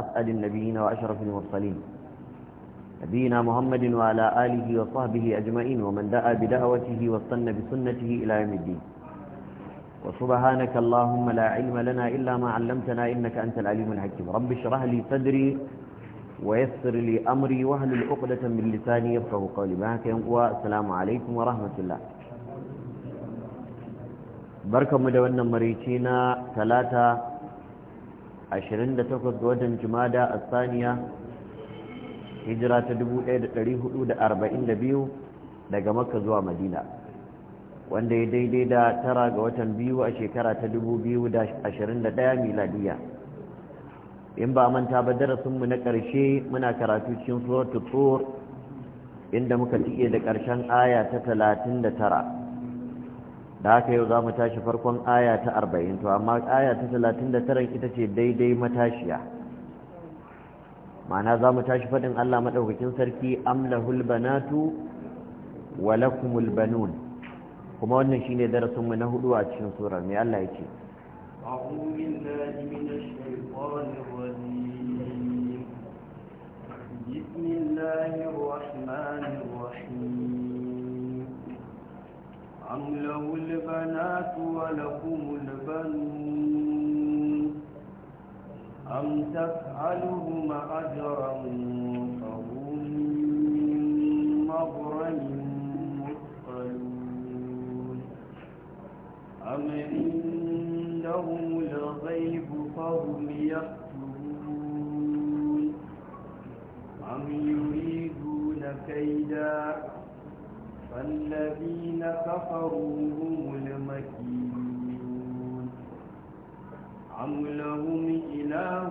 أفأل النبيين وأشرف المرسلين نبينا محمد وعلى آله وصحبه أجمعين ومن دعا بدعوته واصطن بسنته إلى يوم الدين وسبحانك اللهم لا علم لنا إلا ما علمتنا إنك أنت العليم الحكيم رب اشرح لي صدري ويسر لي أمري وهل عقدة من لساني يفقه قولي معك والسلام عليكم ورحمة الله بركة مدونا مريتينا ثلاثة 28 ga watan jumada a saniya hijira ta da 1442 daga makka zuwa madina wanda ya daidai da tara ga watan biyu a shekara ta da 2021 miladiya in ba manta ba darasinmu na ƙarshe muna karatu cikin suratul tur inda muka tike da ƙarshen aya ta talatin da tara. da haka yau za mu tashi farkon aya ta arba'in to amma aya ta talatin da tara ita ce daidai matashiya ma'ana za mu tashi faɗin allah maɗaukakin sarki amlahul banatu walakumulbanun banun kuma wannan ne darasinmu na hudu a cikin surar mai allah ya ce بسم الله الرحمن الرحيم أم له البنات ولكم البنون أم تسألهم أجرا فهم من مغرم مثقلون أم عندهم الغيب فهم يكتبون أم يريدون كيداً فالذين كفروا هم المكيدون أم لهم إله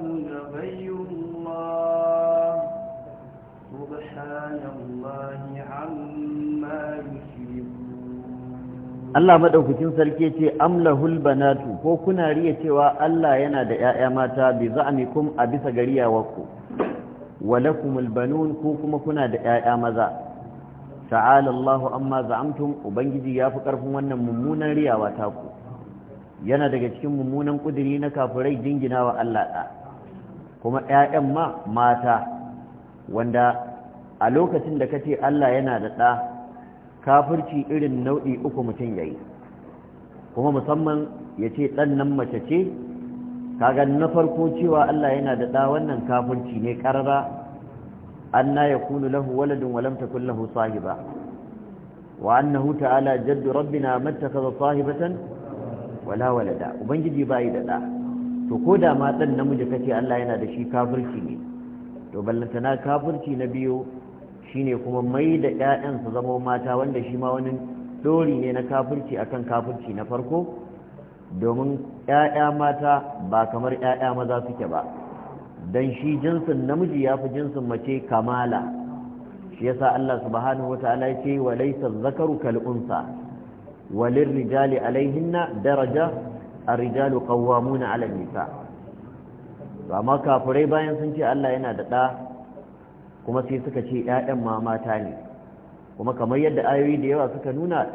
غير الله سبحان الله عما Allah madaukakin sarki ce amlahul banatu ko kuna riya cewa Allah yana da 'ya'ya mata bi za'amikum a bisa gariya wakku walakumul banun ko kuma kuna da 'ya'ya maza ta'ala Allahu amma za'amtum ubangiji ya fi karfin wannan mummunan riyawa taku yana daga cikin mummunan kudiri na kafirai jingina wa Allah da kuma ƴaƴan ma mata wanda a lokacin da kace Allah yana da ɗa kafirci irin nau'i uku mutum yayi kuma musamman yace ɗan nan mace ce kaga na farko cewa Allah yana da ɗa wannan kafirci ne karara أنا يكون له ولد ولم تكن له صاحبة وأنه تعالى جد ربنا ما اتخذ صاحبة ولا ولدا وبنجي بايد لا تقول ما تنمج كتي ألا ينادى شي كافر شيني تبلتنا كافر شي نبيو shine kuma mai da ƴaƴansa zama mata wanda shi ma wani dori ne na kafirci akan kafirci na farko domin ƴaƴa mata ba kamar ƴaƴa maza suke ba dan shi jinsin namiji ya fi jinsin mace kamala shi yasa Allah subhanahu wataala ya ce wa laysa zakaru kalunsa unsa rijali alaihinna daraja a rijalu qawwamuna 'ala an-nisa to kafirai bayan sun ce Allah yana da ɗa kuma sai suka ce 'ya'yan ma mata ne kuma kamar yadda ayoyi da yawa suka nuna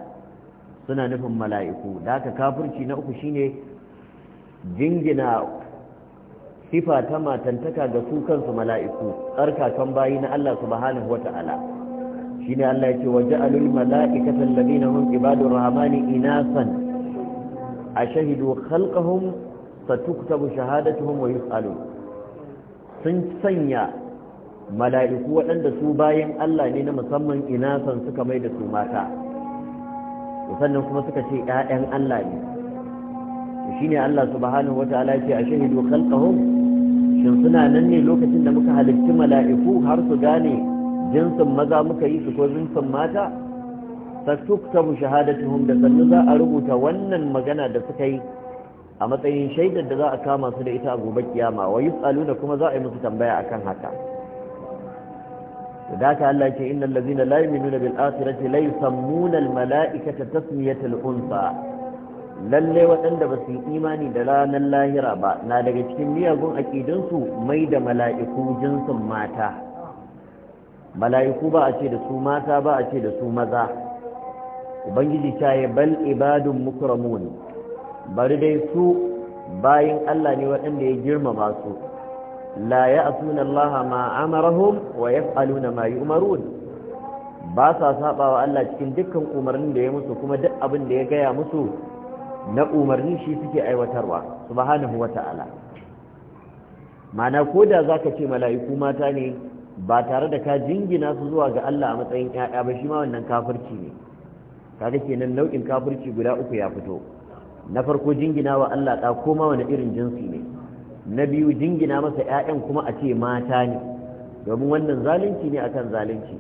suna nufin mala'iku da haka kafirci na uku shine jingina sifa ta matantaka ga su kansu mala'iku tsarkakan bayi na Allah subhanahu wata'ala shine Allah yake waje alul mala'ikata alladhina hum ibadur rahmani inasan ashahidu khalqahum satuktabu shahadatuhum wa yus'alu sun sanya mala'iku waɗanda su bayan Allah ne na musamman inasan suka mai da su mata sannan kuma suka ce ‘ya'yan Allah ne shine Allah subhanahu wa ta'ala ce a shahidu khalqahum shin suna nan ne lokacin da muka halitti mala'iku har su gane jinsin maza muka yi su ko jinsin mata satuktabu shahadatuhum da sannu za a rubuta wannan magana da suka yi a matsayin shaidar da za a kama su da ita a gobe kiyama wa yus'aluna kuma za a yi musu tambaya akan haka ذاك الله يقول إن الذين لا يؤمنون بالآخرة لا يسمون الملائكة تسمية الأنثى lalle waɗanda ba su yi imani da ranar lahira ba na daga cikin miyagun aƙidinsu mai da mala'iku jinsin mata mala'iku ba a ce da su mata ba a ce da su maza ubangiji ta yi bal ibadun mukramun bari dai su bayan allah ne waɗanda ya girmama su la ya asuna allah ma amarahum wa Aluna ma yi umarun ba sa saba allah cikin dukkan umarnin da ya musu kuma duk abin da ya gaya musu na umarni shi suke aiwatarwa subhanahu wata'ala mana ko da zaka ce mala'iku mata ne ba tare da ka jingina su zuwa ga Allah a matsayin ƴaƴa ba shi ma wannan kafirci ne kaga kenan nau'in kafirci guda uku ya fito na farko jingina wa Allah ɗa koma wani irin jinsi ne na biyu jingina masa ƴaƴan kuma a ce mata ne domin wannan zalunci ne akan zalunci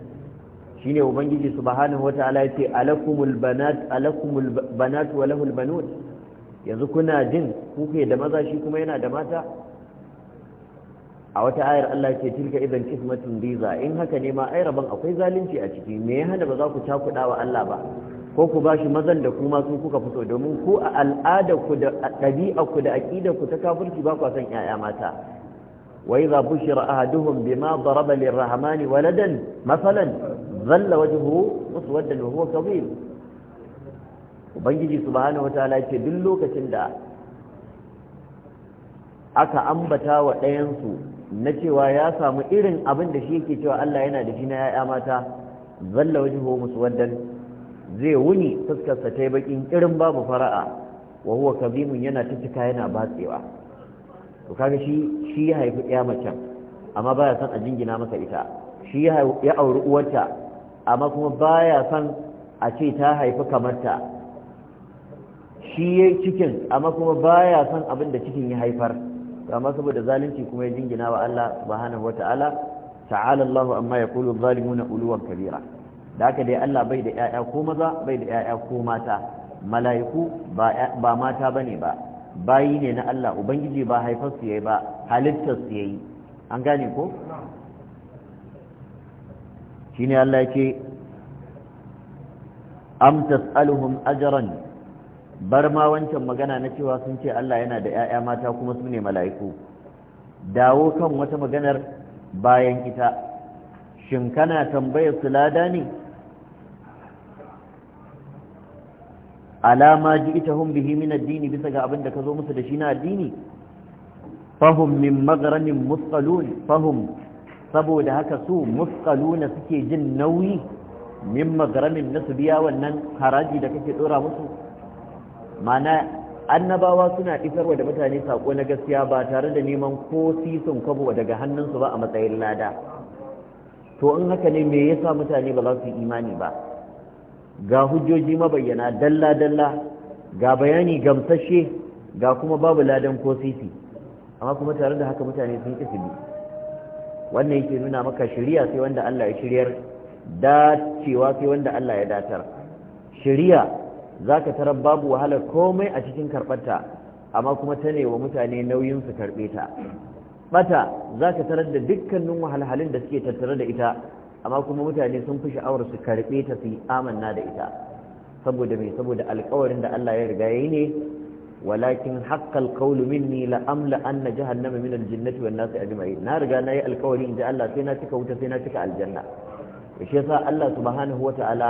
shine ubangiji subhanahu wataala yace alakumul banat alakumul banat wa lahul banun yanzu kuna jin kuke da maza shi kuma yana da mata a wata ayar Allah ce tilka idan kismatun biza in haka ne ma ai rabon akwai zalunci a ciki me ya hana ba za ku takuda wa Allah ba ko ku bashi mazan da kuma su kuka fito domin ku a al'ada ku da ɗabi'a ku da aqida ku ta kafirci ba ku san yaya mata wa idza bushira ahaduhum bima daraba lirrahmani waladan masalan zalla wajhu muswaddan wa huwa kadhib ubangiji subhanahu wataala yace duk lokacin da aka ambata wa ɗayansu na cewa ya samu irin abin da shi yake cewa Allah yana da shi na ya'ya mata zalla wajhu muswaddan zai wuni fuskarsa ta yi bakin irin babu fara'a wa huwa kadhibun yana ta yana batsewa to kaga shi shi ya haifi ɗaya amma baya san a jingina masa ita shi ya auri uwarta amma kuma baya son a ce ta haifi kamarta shi ya cikin amma kuma baya son abin da cikin ya haifar amma saboda zalunci kuma ya jingina wa Allah subhanahu wata'ala ta'ala Allah amma ya kulu zalimuna uluwan kabira da haka dai Allah bai da ƴaƴa ko maza bai da 'ya'ya ko mata mala'iku ba mata bane ba bayi ne na Allah ubangiji ba haifar su yayi ba halittar su yayi an gane ko shine Allah yake am tas'aluhum ajran bar ma wancan magana na cewa sun ce Allah yana da 'ya'ya mata kuma su ne mala'iku dawo kan wata maganar bayan ita shin kana tambayar su lada ne alama ji ita hun bihi min addini bisa ga abin da ka zo musu da shi na addini fahum min magharamin musqalun fahum saboda haka su mufqaluna suke jin nauyi min magramin nasu biya wannan haraji da kake dora musu mana annabawa suna isarwa da mutane sako na gaskiya ba tare da neman ko sun kwabo daga hannunsu ba a matsayin lada to in haka ne me yasa mutane ba za su yi imani ba ga hujjoji mabayyana dalla dalla ga bayani gamsashe ga kuma babu ladan ko sisi amma kuma tare da haka mutane sun ƙi su wannan yake nuna maka shiriya sai wanda Allah ya shiryar dacewa sai wanda Allah ya datar shiriya zaka tarar babu wahalar komai a cikin karbarta amma kuma ta ne wa mutane nauyin su karbe ta bata zaka tarar da dukkanin wahalhalun da suke tattare da ita amma kuma mutane sun fi sha'awar su karbe ta su amanna da ita saboda me saboda alƙawarin da Allah ya riga yayi ne walakin haqqal qawlu minni la amla anna jahannama min al-jannati wan nasi ajma'in na riga nayi alkawari inda Allah sai na cika wuta sai na cika aljanna shi yasa Allah subhanahu wata'ala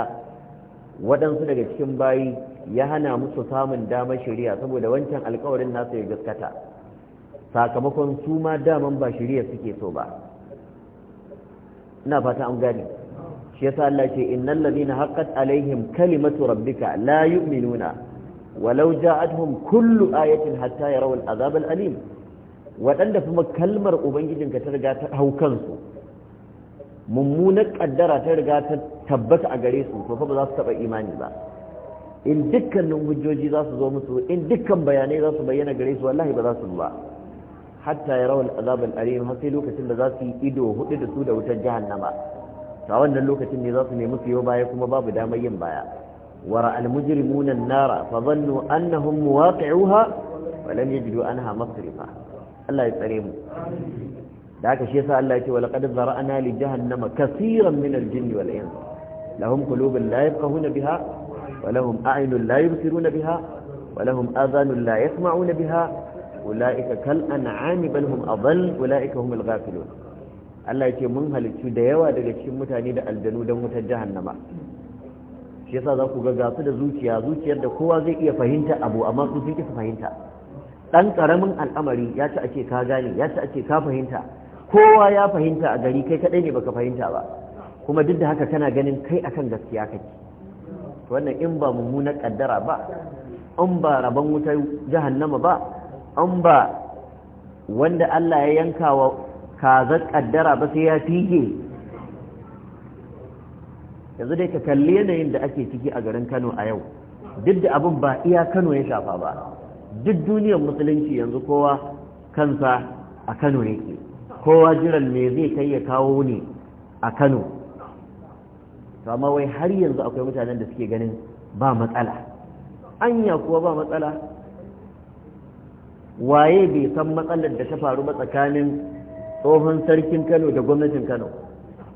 waɗansu daga cikin bayi ya hana musu samun damar shiriya saboda wancan alkawarin nasu ya gaskata sakamakon su ma daman ba shiriya suke so ba ina fata an gane shi yasa Allah ce innal ladina haqqat alaihim kalimatu rabbika la yu'minuna walau ja'atuhum kullu ayatin hatta yarawu al'azab al'alim waɗanda kuma kalmar ubangijinka ta riga ta hau kansu kaddara ta riga ta tabbaka a gare su ba za su taba imani ba in dukkanin hujjoji za su zo musu in dukkan bayanai za su bayyana gare su wallahi ba za su ba hatta ya rawar azabar alim har sai lokacin da za su yi ido hudu da su da wutar jahannama nama a wannan lokacin ne za su nemi su baya kuma babu damar yin baya ورأى المجرمون النار فظنوا أنهم مواقعوها ولم يجدوا عنها مصرفا الله يسلم ذاك الشيء الله يتي ولقد ذرأنا لجهنم كثيرا من الجن والإنس لهم قلوب لا يفقهون بها ولهم أعين لا يبصرون بها ولهم آذان لا يسمعون بها أولئك كالأنعام بل هم أضل أولئك هم الغافلون Allah ya ce mun halittu da yawa daga cikin mutane da aljanu don wutar jahannama shi yasa za ku ga gasu da zuciya zuciyar da kowa zai iya fahimta abu amma su sun isa fahimta dan karamin al'amari ya ci ake ka gane ya ci ake ka fahimta kowa ya fahimta a gari kai kadai ne baka fahimta ba kuma duk da haka kana ganin kai akan gaskiya kake wannan in ba mummunar kaddara ba in ba rabon wutar jahannama ba in ba wanda Allah ya yanka wa kazar kaddara ba sai ya fige yanzu dai ka kalli yanayin da ake ciki a garin Kano a yau duk da abin ba iya Kano ya shafa ba duk duniyar musulunci yanzu kowa kansa a Kano yake kowa jiran me zai kai ya kawo ne a Kano to amma wai har yanzu akwai mutanen da suke ganin ba matsala anya kuwa ba matsala waye bai san matsalar da ta faru ba tsakanin tsohon sarkin Kano da gwamnatin Kano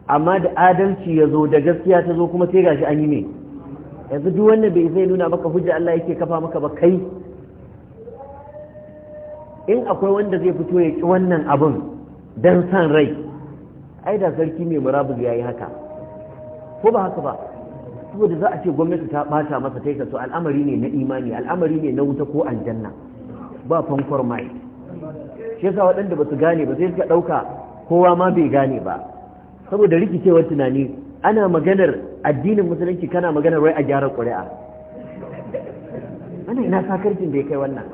amma da adalci ya zo da gaskiya ta zo kuma sai gashi an yi ne yanzu duk wannan bai zai nuna maka hujja Allah yake kafa maka ba kai in akwai wanda zai fito ya ki wannan abin dan san rai ai da sarki mai ya yayi haka ko ba haka ba saboda za a ce gwamnati ta bata masa kai so al'amari ne na imani al'amari ne na wuta ko aljanna ba fankor mai shi yasa waɗanda ba su gane ba sai suka ɗauka kowa ma bai gane ba saboda rikicewar tunani ana maganar addinin musulunci kana maganar wai a gyara ƙuri'a ana ina sakarcin da ya kai wannan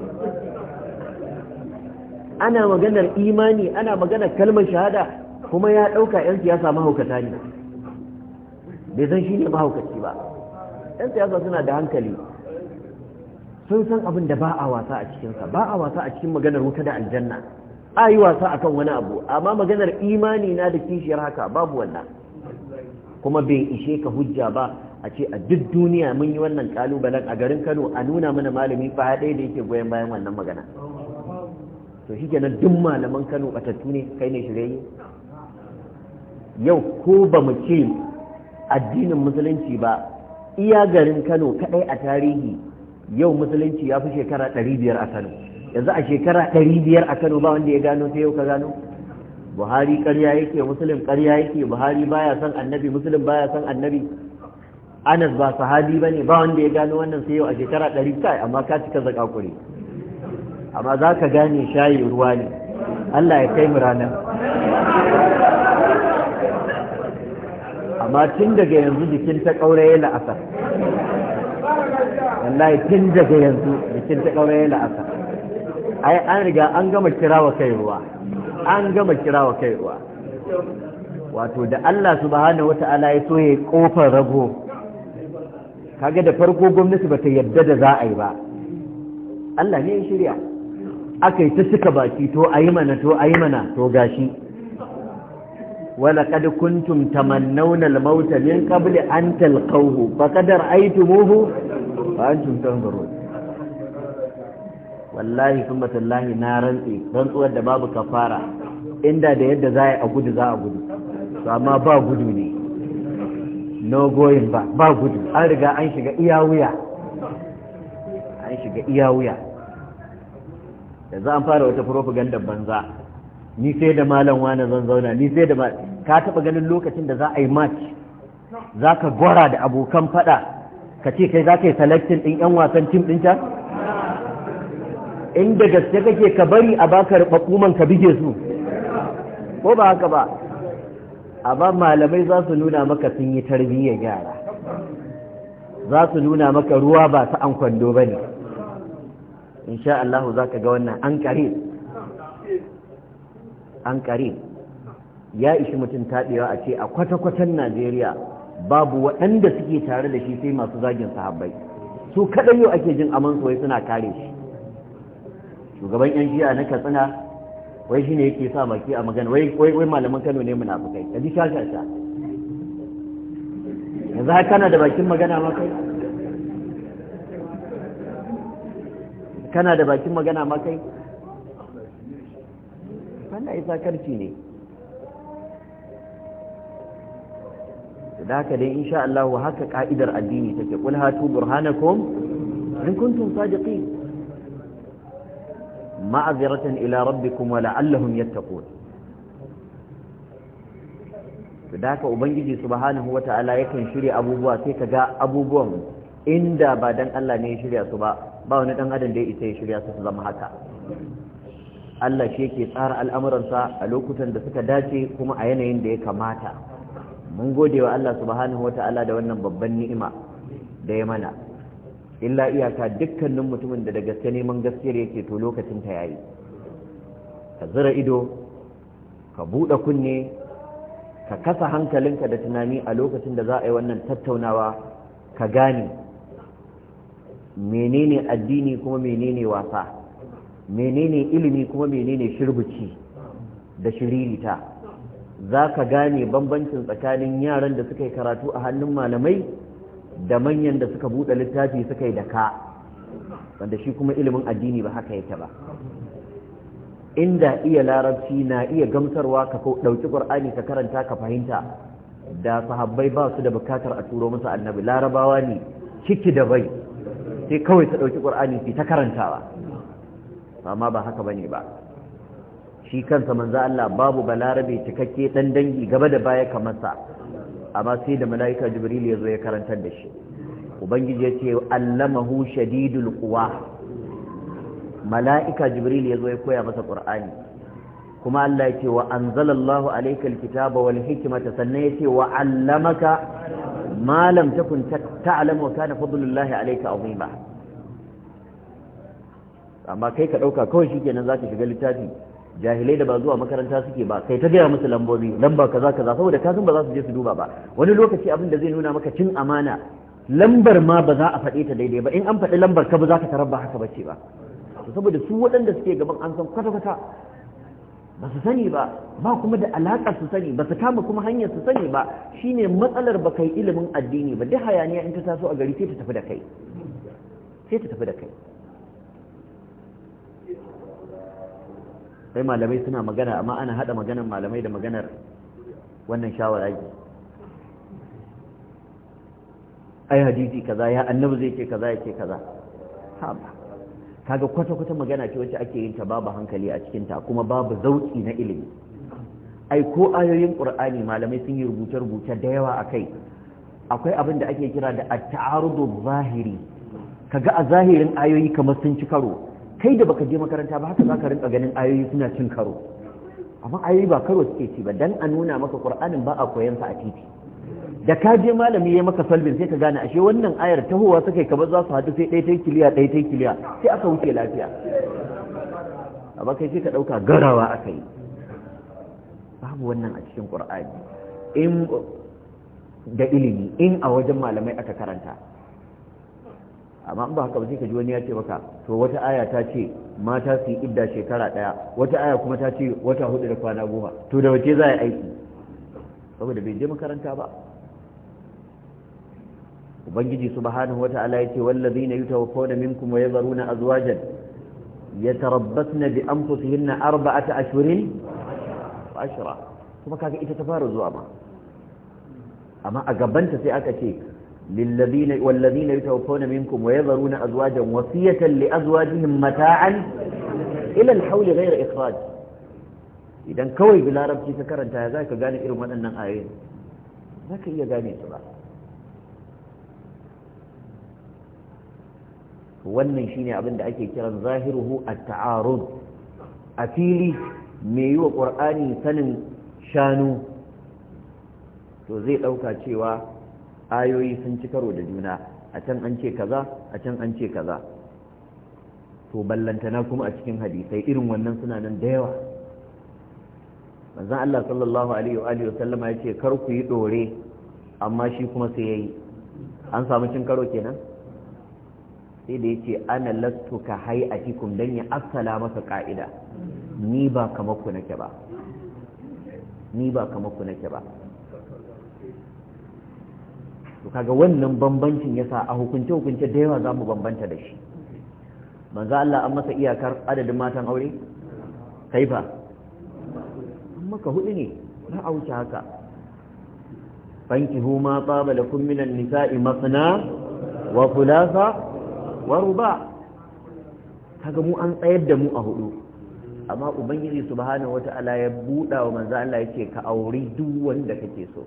ana maganar imani ana maganar kalmar shahada kuma ya ɗauka 'yan siyasa mahaukata ne bai zan shi ne mahaukaci ba 'yan siyasa suna da hankali sun san abin da ba a wasa a cikinsa ba a wasa a cikin maganar wuta da aljanna a yi wasa akan wani abu amma maganar imani na da kishiyar haka babu wannan kuma bai ishe ka hujja ba a ce a duk duniya mun yi wannan kalubalen a garin kano a nuna mana malami fa ɗaya da yake goyon bayan wannan magana to shi kenan duk malaman kano batattu ne kai ne shirayi yau ko ba mu ce addinin musulunci ba iya garin kano kaɗai a tarihi yau musulunci ya fi shekara 500 a kano yanzu a shekara ɗari biyar a kano ba wanda ya gano sai yau ka gano buhari ƙarya yake musulun ƙarya yake buhari baya son annabi musulun baya son annabi anas ba sahabi ba ne ba wanda ya gano wannan sai yau a shekara ɗari kai amma ka cika zaka kure amma za ka gane shayi ruwa ne allah ya kai mu ranar amma tun daga yanzu jikin ta ƙauraye la'asar wallahi tun daga yanzu jikin ta ƙauraye la'asar ai an riga an gama kirawa kai ruwa an gama kirawa kai ruwa wato da Allah subhanahu wata'ala ya so ya kofar rago kage da farko gwamnati ba ta yadda da za a yi ba Allah ne ya shirya aka yi ta suka baki to a yi mana to a yi mana to gashi wala kad kuntum tamannawna al-mauta min qabli an talqawhu faqad ra'aytumuhu fa antum tanzurun wallahi sun matallahi na rantsi rantsuwar da babu kafara inda da yadda za a yi a gudu za a gudu amma ba gudu ne no going ba ba gudu an riga an shiga iya wuya an shiga iya wuya yanzu an fara wata propaganda banza ni sai da malam wani zan zauna ni sai da ka taba ganin lokacin da za a yi match za ka gwara da abokan fada ka ce kai za ka yi selecting ɗin 'yan wasan tim ɗin can inda gaske kake ka bari a baka rubakuman ka bige su ko ba haka ba amma malamai za su nuna maka sun yi tarbiyyar yara za su nuna maka ruwa ba ta an kwando ba ne insha Allah za ka ga wannan an kare an kare ya ishi mutum taɗewa a ce a kwata-kwatan najeriya babu waɗanda suke tare da shi sai masu zagin sahabbai su kaɗai yau ake jin aman wai suna kare shi shugaban yan jiya na katsina wai shi ne yake sa baki a magana wai wai malaman Kano ne munafukai ka ji shasha sha yanzu haka kana da bakin magana ma kai kana da bakin magana ma kai wannan isa karfi ne da haka dai insha Allah haka ka'idar addini take kul hatu burhanakum in kuntum sadiqin ma'aziratan ila rabbikum wa la'allahum yattaqun da haka ubangiji subhanahu wata'ala yakan shirya abubuwa sai ka ga abubuwan inda ba dan Allah ne ya shirya su ba ba wani dan adam da ya ya shirya su su zama haka Allah shi yake tsara al'amuransa a lokutan da suka dace kuma a yanayin da ya kamata mun gode wa Allah subhanahu da wannan babban ni'ima da ya mana illa iyaka dukkanin mutumin da da gaske neman gaskiyar yake to lokacin ta yayi ka zira ido ka buɗe kunne ka kasa hankalinka da tunani a lokacin da za a yi wannan tattaunawa ka gane menene addini kuma menene wasa menene ilimi kuma menene shirbuci da shiririta za ka gane bambancin tsakanin yaran da suka yi karatu a hannun malamai da manyan da suka buɗe littafi suka yi da ka wanda shi kuma ilimin addini ba haka yake ba inda iya larabci na iya gamsarwa ka ɗauki ƙur'ani ka karanta ka fahimta da sahabbai ba su da bukatar a turo musu annabi larabawa ne ciki da bai sai kawai ta ɗauki ƙur'ani sai ta karantawa amma ba haka bane ba shi kansa manzo Allah babu balarabe cikakke ɗan dangi gaba da baya kamar sa amma sai da mala'ika jibril ya zo ya karantar da shi ubangiji ya ce allamahu shadidul quwa mala'ika jibril ya zo ya koya masa qur'ani kuma Allah ya ce wa anzalallahu alaykal kitaba wal hikmata sannan ya ce wa allamaka ma lam takun ta'lamu wa kana fadlullahi alayka azima amma kai ka dauka kawai shikenan zaka shiga littafi jahilai da ba zuwa makaranta suke ba kai ta gaya musu lambobi lamba kaza kaza saboda ka san ba za su je su duba ba wani lokaci abin da zai nuna maka cin amana lambar ma ba za a faɗe ta daidai ba in an faɗi lambar ka ba za ka tarar ba haka bace ba to saboda su waɗanda suke gaban an san kwata kwata ba su sani ba ba kuma da alaƙa su sani ba su kama kuma hanyar su sani ba shine matsalar ba kai ilimin addini ba duk hayaniya in ta taso a gari sai ta tafi da kai sai ta tafi da kai sai malamai suna magana amma ana hada maganar malamai da maganar wannan shawara ne ai hadisi kaza ya annabi zai ce kaza yake kaza haba kaga kwata-kwata magana ce wacce ake yin ta babu hankali a cikin ta kuma babu zauki na ilimi ai ko ayoyin qur'ani malamai sun yi rubuce-rubuce da yawa akai akwai abin da ake kira da at-ta'arudu zahiri kaga a zahirin ayoyi kamar sun ci karo kai da baka je makaranta ba haka za ka rinka ganin ayoyi suna cin karo amma ayoyi ba karo suke ci ba dan a nuna maka qur'anin ba a koyan sa a titi da ka je malami ya maka salbin sai ka gane ashe wannan ayar tahowa suka kamar za su haɗu sai ɗaya ta kiliya ɗaya ta kiliya sai aka wuce lafiya amma kai sai ka ɗauka garawa aka yi babu wannan a cikin ƙur'ani in da ilimi in a wajen malamai aka karanta amma in ba haka ba sai ka ji wani ya ce maka to wata aya ta ce mata su yi idda shekara ɗaya wata aya kuma ta ce wata hudu da kwana goma to da wace za a yi aiki saboda bai je makaranta ba ubangiji subhanahu wata'ala ya ce wallazina yutawaffawna minkum wa yadharuna azwajan yatarabbasna bi anfusihinna arba'ata ashhurin wa ashira kuma kaga ita ta fara zuwa ma amma a gabanta sai aka ce للذين والذين يتوفون منكم ويذرون أزواجا وصية لأزواجهم متاعا إلى الحول idan kawai bi larabci ka karanta za ka gane irin waɗannan ayoyin za ka iya gane su ba wannan shine abin da ake kiran zahiruhu at-ta'arud a fili mai yiwa wa ƙur'ani sanin shanu to zai ɗauka cewa ayoyi sun ci karo da juna a can an ce kaza a can an ce kaza to ballantana kuma a cikin hadisai irin wannan suna nan da yawa manzon Allah sallallahu alaihi wa alihi wa ya ce kar ku yi dore amma shi kuma sai yayi an samu cin karo kenan sai da yace ana lastu ka hayatikum dan ya assala masa ka'ida ni ba kamar ku nake ba ni ba kamar ku nake ba to kaga wannan bambancin yasa a hukunce hukunce da yawa zamu bambanta da shi manzo Allah an masa iyakar adadin matan aure ba amma ka hudu ne na a haka banki huma taba lakum minan nisa'i masna wa thulatha wa ruba kaga mu an tsayar da mu a hudu amma ubangiji subhanahu wata'ala ya buɗa wa manzo Allah yake ka aure duk wanda kake so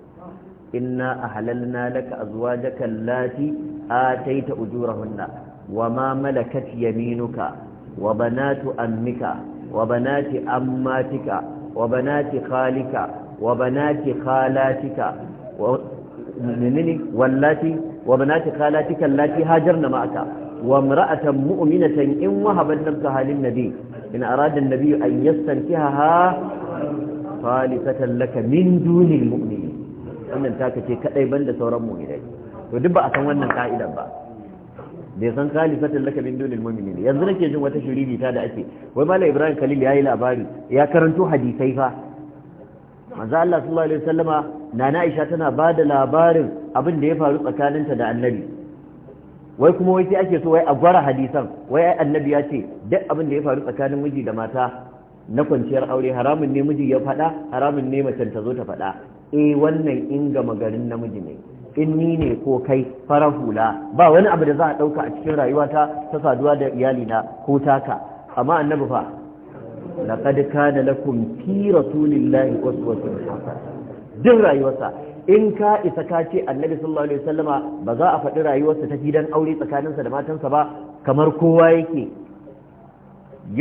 inna ahlalna laka azwajaka allati ataita ujurahunna wama malakat yaminuka wa banatu ammika wa banati ammatika wa banati khalika wa banati khalatika wa wallati wa banati khalatika allati hajarna ma'aka wa imra'atan mu'minatan in wahabat nafsaha halin nabi in arada an-nabi an yastankihaha خالصة laka min دون المؤمنين wannan taka ce kadai banda sauran mu'minai to duk ba a san wannan ka'idar ba bai san khalifatin laka min dunil mu'minin yanzu nake jin wata shiriri ta da ake wai malam ibrahim khalil yayi labari ya karanto hadisai fa manzo Allah sallallahu alaihi wasallama nana aisha tana da labarin abin da ya faru tsakaninta da annabi wai kuma wai sai ake so wai a gwara hadisan wai ai annabi ya ce duk abin da ya faru tsakanin miji da mata na kwanciyar aure haramun ne miji ya faɗa haramun ne macen ta zo ta faɗa eh wannan in gama garin namiji ne in ni ne ko kai farar hula ba wani abu da za a ɗauka a cikin rayuwata ta saduwa da iyalina ko taka amma annabi fa laqad kana lakum fi rasulillahi uswatun hasana duk rayuwarsa in ka isa ka ce annabi sallallahu alaihi wasallama ba za a faɗi rayuwarsa ta gidan aure tsakaninsa da matansa ba kamar kowa yake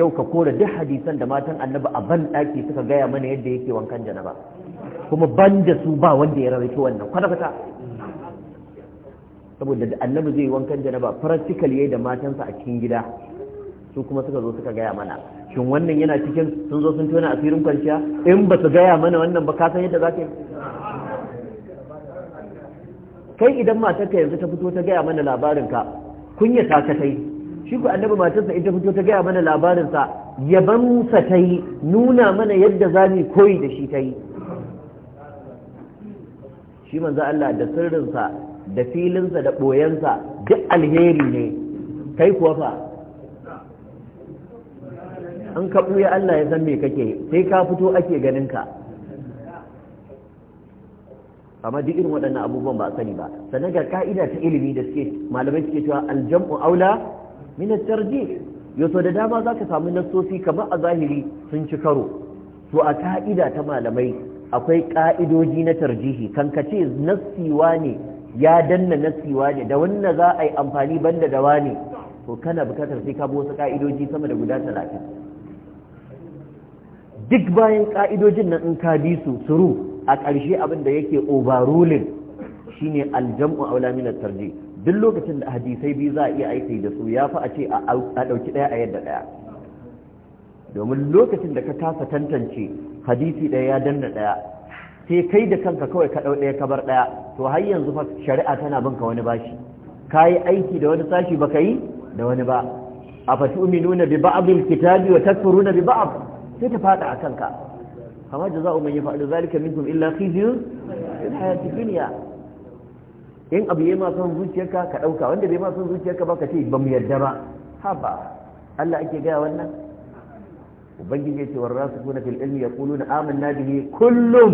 yau ka kora duk hadisan da matan annabi a ban ɗaki suka gaya mana yadda yake wankan janaba kuma ban da su ba wanda ya rawaito wannan kwana kwata saboda da annabi zai wankan janaba practical yayi da matansa a cikin gida su kuma suka zo suka gaya mana shin wannan yana cikin sun zo sun tona asirin kwanciya in ba su gaya mana wannan ba ka san yadda za ka yi kai idan matarka yanzu ta fito ta gaya mana ka, kunya ta ka tai shi ku annabi matarsa ta fito ta gaya mana ya yabansa ta yi nuna mana yadda za mu koyi da shi ta yi shi manzo Allah da sirrinsa da filinsa da boyensa duk alheri ne kai kuwa fa an ka Allah ya san me kake sai ka fito ake ganin ka amma duk irin waɗannan abubuwan ba a sani ba sannan ga ka'ida ta ilimi da suke malamai suke cewa aljam'u aula min at-tarjih yato da dama zaka samu nasosi kamar a zahiri sun ci karo to a ka'ida ta malamai akwai ka'idoji na tarjihi kan ka ce nassiwa ne ya danna nassiwa ne da wanda za a yi amfani banda da ne to kana bukatar sai ka wasu ka'idoji sama da guda talatin duk bayan ƙa'idojin nan in ka bi su suru a ƙarshe abin da yake overruling shine aljam'u aula min tarjih duk lokacin da hadisai biyu za a iya aiki da su ya fi a ce a ɗauki ɗaya a yadda ɗaya domin lokacin da ka kasa tantance hadisi ɗaya ya danna ɗaya sai kai da kanka kawai ka ɗau ɗaya kabar ɗaya to har yanzu fa shari'a tana bin ka wani bashi ka yi aiki da wani sashi baka yi da wani ba a fatu'minuna bi ba'dil kitabi wa takfuru na bi ba'd sai ta fada a kanka kama jaza'u man yaf'alu zalika minkum illa khizyun fil hayati dunya in abu yayi ma son zuciyarka ka dauka wanda bai ma son zuciyarka ba ka ce ba mu yarda ba haba Allah ake gaya wannan ubangiji ya ce wa rasikuna fil ilmi yaquluna amanna bihi kullum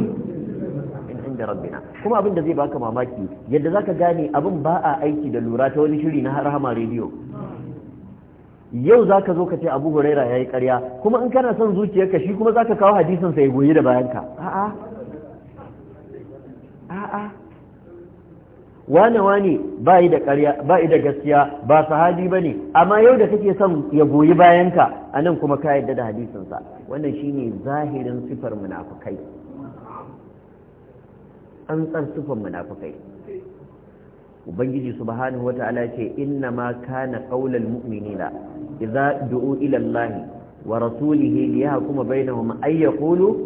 in inda rabbina kuma abin da zai baka mamaki yadda zaka gane abin ba a aiki da lura ta wani shiri na rahama rediyo yau zaka zo ka ce Abu Huraira yi karya kuma in kana son zuciyarka shi kuma zaka kawo hadisin sa ya goyi da bayanka a'a wane wane ba da da gaskiya ba sahabi ba ne amma yau da kake son ya goyi bayanka a nan kuma ka yadda da hadisinsa wannan shine zahirin sifar munafukai an tsar sifar munafukai ubangiji subhanahu ta'ala ce inna ma kana qaulal mu'minina idza du'u ila wa rasulihi liyahkuma bainahum ay yaqulu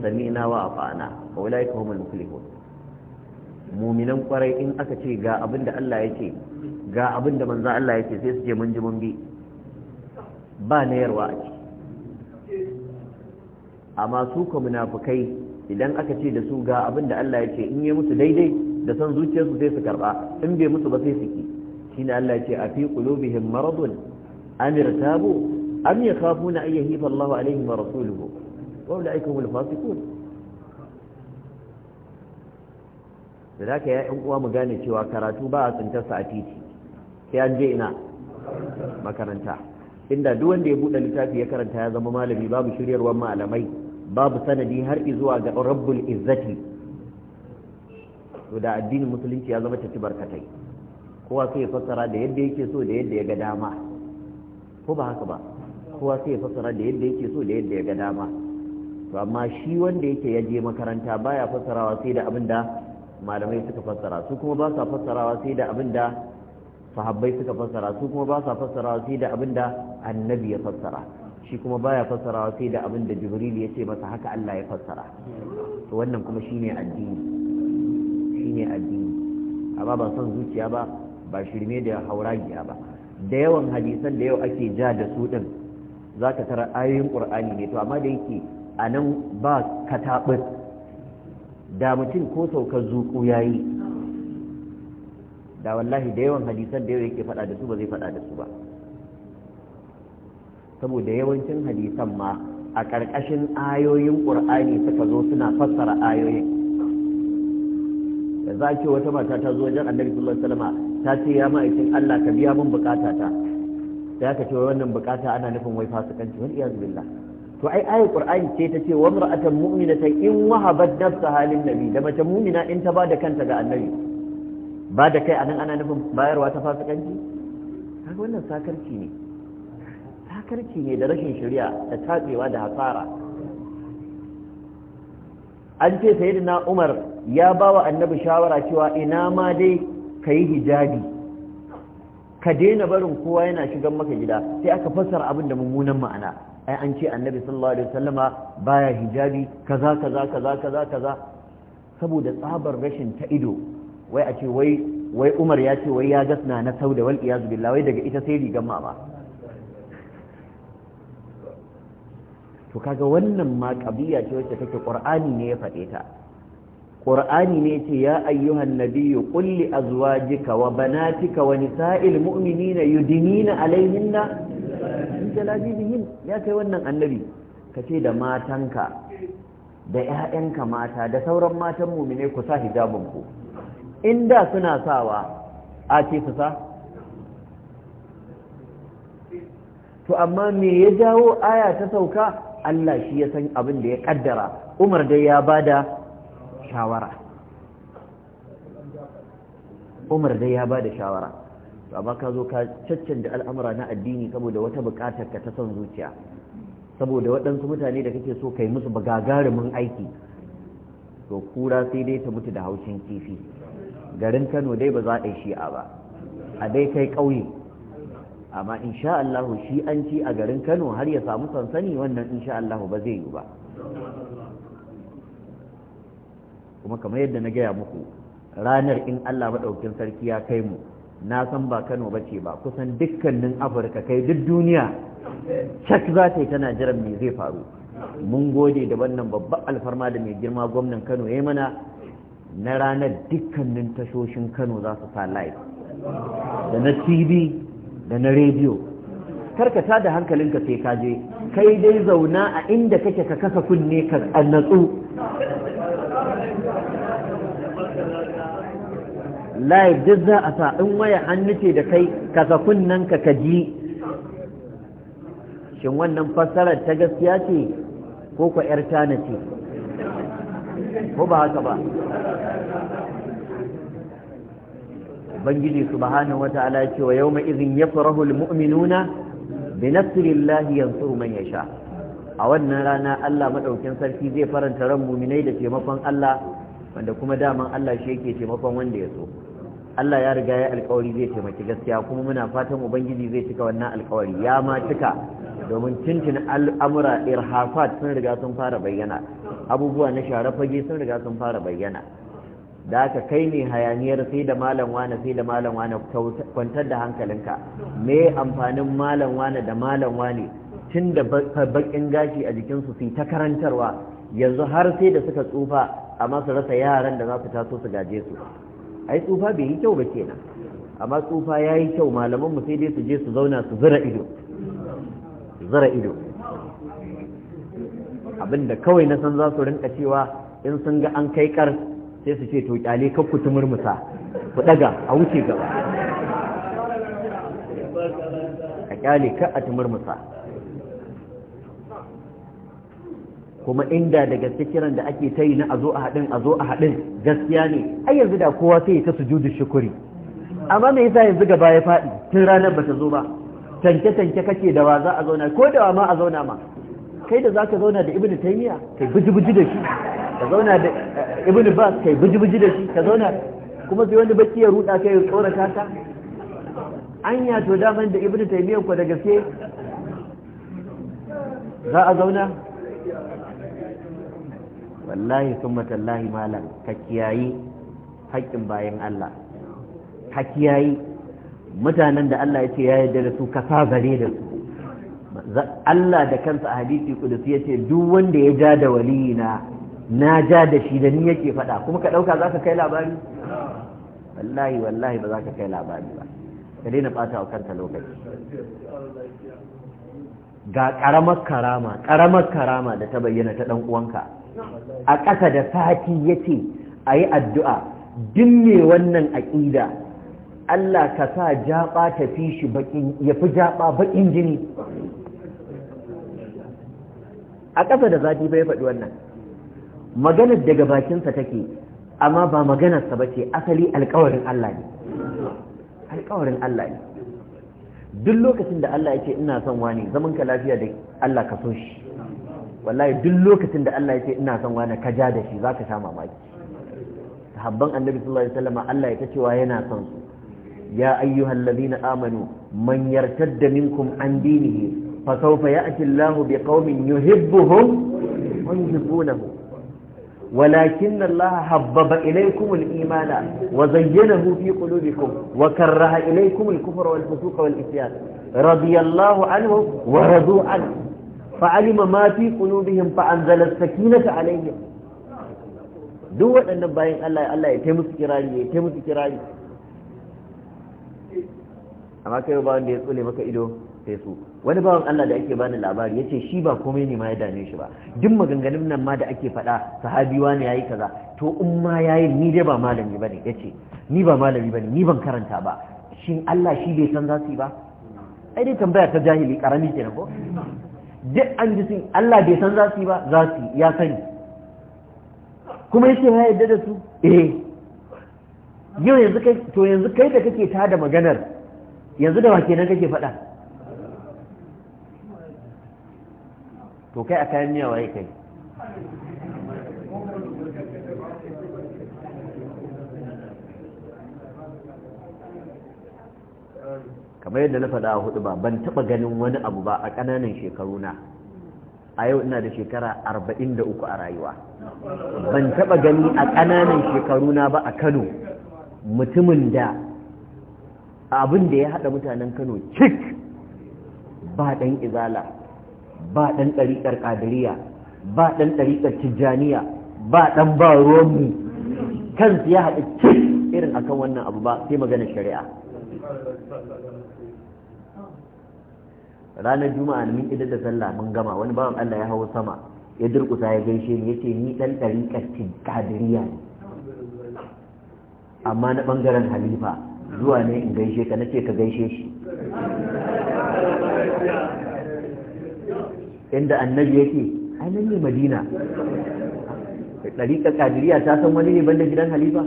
sami'na wa ata'na wa ulaika humul muflihun muminan kwarai in aka ce ga abin da Allah ya ce ga abin da Allah ya ce sai su je mun ji mun bi ba nayarwa a ciki amma su ka munafukai idan aka ce da su ga abin da Allah ya ce in yi musu daidai da san zuciyarsu sai su karba in bai musu ba sai su ki shine Allah ya ce a fi qulubihim maradun amir irtabu am yakhafuna an ayyahi Allahu alaihi wa rasuluhu wa ulaika humul fasiqun da za ka yi uwa mu gane cewa karatu ba a tsintarsa a titi sai an je ina makaranta inda duk wanda ya buɗe littafi ya karanta ya zama malami babu shiryarwar malamai babu sanadi har zuwa ga rabbul izzati to da addinin musulunci ya zama tafi barkatai kowa sai ya fassara da yadda yake so da yadda ya ga dama ko ba haka ba kowa sai ya fassara da yadda yake so da yadda ya ga dama to amma shi wanda yake ya je makaranta baya fassarawa sai da abin da malamai suka fassara su kuma ba sa fassarawa sai da abin da sahabbai suka fassara su kuma ba sa fassarawa sai da abin da annabi ya fassara shi kuma baya fassarawa sai da abin da jibril ya ce masa haka Allah ya fassara to wannan kuma shine addini shine addini amma ba son zuciya ba ba shirme da hauragiya ba da yawan hadisan da yau ake ja da su din zaka tara ayoyin qur'ani ne to amma da yake anan ba katabin da mutum ko saukar zuku ya yi da wallahi da yawan hadisan da yau yake fada da su ba zai faɗa da su ba saboda yawancin hadisan ma a ƙarƙashin ayoyin ƙur'ani suka zo suna fassara ayoyin da za ce wata mata ta zo wajen annabi sallallahu alaihi wasallam ta ce ya ma'aikin Allah ka biya mun bukata ta da aka ce wannan bukata ana nufin wai fasikanci wal iyaz billah to ai ayat qur'ani ce ta ce wa mar'atan mu'minatan in wahabat nafsaha lin nabi da mace mu'mina in ta bada kanta ga annabi ba da kai anan ana nufin bayarwa ta fasikanci kaga wannan sakarci ne sakarci ne da rashin shari'a da tatsewa da hasara an ce sayyidina Umar ya ba wa annabi shawara cewa ina ma dai kai hijabi ka daina barin kowa yana shigan maka gida sai aka fassara abin da mummunan ma'ana ai an ce annabi sallallahu alaihi wasallama baya hijabi kaza kaza kaza kaza kaza saboda tsabar rashin ta ido wai a ce wai wai Umar ya ce wai ya gasna na sauda wal iyaz billah wai daga ita sai rigan mama to kaga wannan ma kabiya ce wacce take qur'ani ne ya faɗe ta qur'ani ne yace ya ayyuhan nabiyyu qul li azwajika wa banatika wa nisa'il mu'minina yudinina alaihinna in jalabibihim ya kai wannan annabi ka ce da matanka da ‘ya'yanka mata da sauran matan mumine ku sa hijabinku inda suna sawa a ce su sa to amma me ya jawo aya ta sauka Allah shi ya san abin da ya kaddara Umar dai ya bada shawara Umar dai ya bada shawara amma ka zo ka da al'amura na addini saboda wata buƙatar ka ta son zuciya saboda waɗansu mutane da kake so kai musu gagarumin aiki to kura sai dai ta mutu da haushin kifi garin Kano dai ba za a yi shi'a ba a dai kai ƙauye amma insha Allah shi an ci a garin Kano har ya samu sansani wannan insha Allah ba zai yi ba kuma kamar yadda na gaya muku ranar in Allah maɗaukin sarki ya kai mu na san ba kano ba ce ba kusan dukkanin afirka kai duk duniya cak za ta yi tana jiran me zai faru mun gode da wannan babban alfarma da mai girma gwamnan kano ya mana na ranar dukkanin tashoshin kano za su sa live da na tv da na rediyo karkata da hankalinka sai ka je kai dai zauna a inda kake ka kasa kunne ka natsu live duk za a sa in waya hannu ce da kai kasa kunnen ka ka ji shin wannan fassarar ta gaskiya ce ko kwa 'yar tana ce ko ba haka ba ubangiji subhanahu wata'ala ya ce wa yawma idhin yafrahu almu'minuna bi nasrillahi yansuru man yasha a wannan rana Allah madaukin sarki zai faranta ran mu'minai da taimakon Allah wanda kuma daman Allah shi yake taimakon wanda ya so Allah ya riga ya alkawari zai taimaki gaskiya kuma muna fatan ubangiji zai cika wannan alkawari ya ma cika domin cincin al'amura irhafat sun riga sun fara bayyana abubuwa na share fage sun riga sun fara bayyana da aka kai ne hayaniyar sai da malam wane sai da malam wane kwantar da hankalinka me amfanin malam wane da malam wane tun da bakin gashi a jikinsu su ta karantarwa yanzu har sai da suka tsufa amma su rasa yaran da za su taso su gaje su ai tsufa bai yi kyau ba ke kenan amma tsufa ya yi kyau malaman mu sai dai su je su zauna su zira ido zira ido abinda kawai na san za su rinka cewa in sun ga an kai kar sai su ce to kyale ka ku tumurmusa ku daga a wuce gaba a kyale ka a tumurmusa kuma inda daga kiran da ake ta yi na a zo a haɗin a zo a haɗin gaskiya ne ai yanzu da kowa sai ya ta sujudu shukuri amma me yasa yanzu gaba ya faɗi tun ranar bata zo ba tanke tanke kake da wa za a zauna ko da wa ma a zauna ma kai da zaka zauna da ibnu taymiya kai buji buji da shi ka zauna da eh, ibnu bas kai buji buji da shi ka zauna kuma sai wani bacci ya ruda kai ya tsorata ka anya to daman da ibnu taymiya ko da gaske za a zauna wallahi sun matallahi malam ka kiyayi haƙƙin bayan Allah ka kiyayi mutanen da Allah ya ce ya yarda da su ka sa gare da su Allah da kansa a hadisi kudusi ya ce duk wanda ya ja da waliyina na ja da shi da ni yake faɗa kuma ka ɗauka za ka kai labari wallahi wallahi ba za ka kai labari ba ka daina ɓata wa kanta lokaci ga ƙaramar karama karamar karama da ta bayyana ta ɗan uwanka a ƙasa da sati ya ce a yi addu'a din me wannan aƙida Allah ka sa jaɓa ta fi shi ya fi jaɓa baƙin jini a ƙasa da sati bai faɗi wannan maganar daga bakinsa take amma ba maganarsa ba ce asali alƙawarin Allah ne alƙawarin Allah ne duk lokacin da Allah ya ce ina son wani zaman ka lafiya da Allah ka so shi wallahi duk lokacin da Allah ya ce ina son wani ka ja da shi zaka sha mamaki sahabban annabi sallallahu alaihi wasallam Allah ya cewa yana son su ya ayyuhal ladina amanu man yartadda minkum an dinihi fa sawfa ya'ti Allahu biqaumin yuhibbuhum wa yuhibbunahu ولكن الله حبب إليكم الإيمان وزينه في قلوبكم وكره إليكم الكفر والفسوق والإسيان رضي الله عنهم ورضوا عنه fa'alima ma fi qulubihim fa anzala as-sakinata alaihim duk waɗannan bayan Allah Allah ya taimusu kirari ya taimusu kirari amma kai ba da ya tsole maka ido sai su wani bawan Allah da ake bani labari ya ce shi ba komai ne ma ya dame shi ba duk maganganun nan ma da ake faɗa sahabiwa ne ya yi kaza to in ma ya yi ni dai ba malami ba ne ya ce ni ba malami ba ne ni ban karanta ba shin Allah shi bai san za su yi ba ai dai tambaya ta jahili karami kenan ko duk an ji sun Allah bai san za su yi ba za su ya sani kuma yake ya yadda da su eh yau yanzu kai to yanzu kai da kake ta da maganar yanzu da wake nan kake faɗa to kai a kayan miya waye kai kamar yadda na faɗa hudu ba ban taɓa ganin wani abu ba a ƙananan shekaruna a yau ina da shekara arba'in da uku a rayuwa ban taɓa gani a ƙananan shekaruna ba a kano mutumin da abin da ya haɗa mutanen kano cik ba ɗan izala ba ɗan ɗariƙar ƙadiriya ba ɗan ɗariƙar tijjaniya ba ɗan ba ruwanmu kansu ya haɗa cik irin akan wannan abu ba sai magana shari'a ranar juma'a min idan da sallah mun gama wani bawan Allah ya hawo sama ya durkusa ya gaishe ni yace ni dan dariƙar kadiriya ne amma na bangaren halifa zuwa ne in gaishe ka nace ka gaishe shi inda annabi yake ai nan ne madina dariƙar kadiriya ta san wani ne banda gidan halifa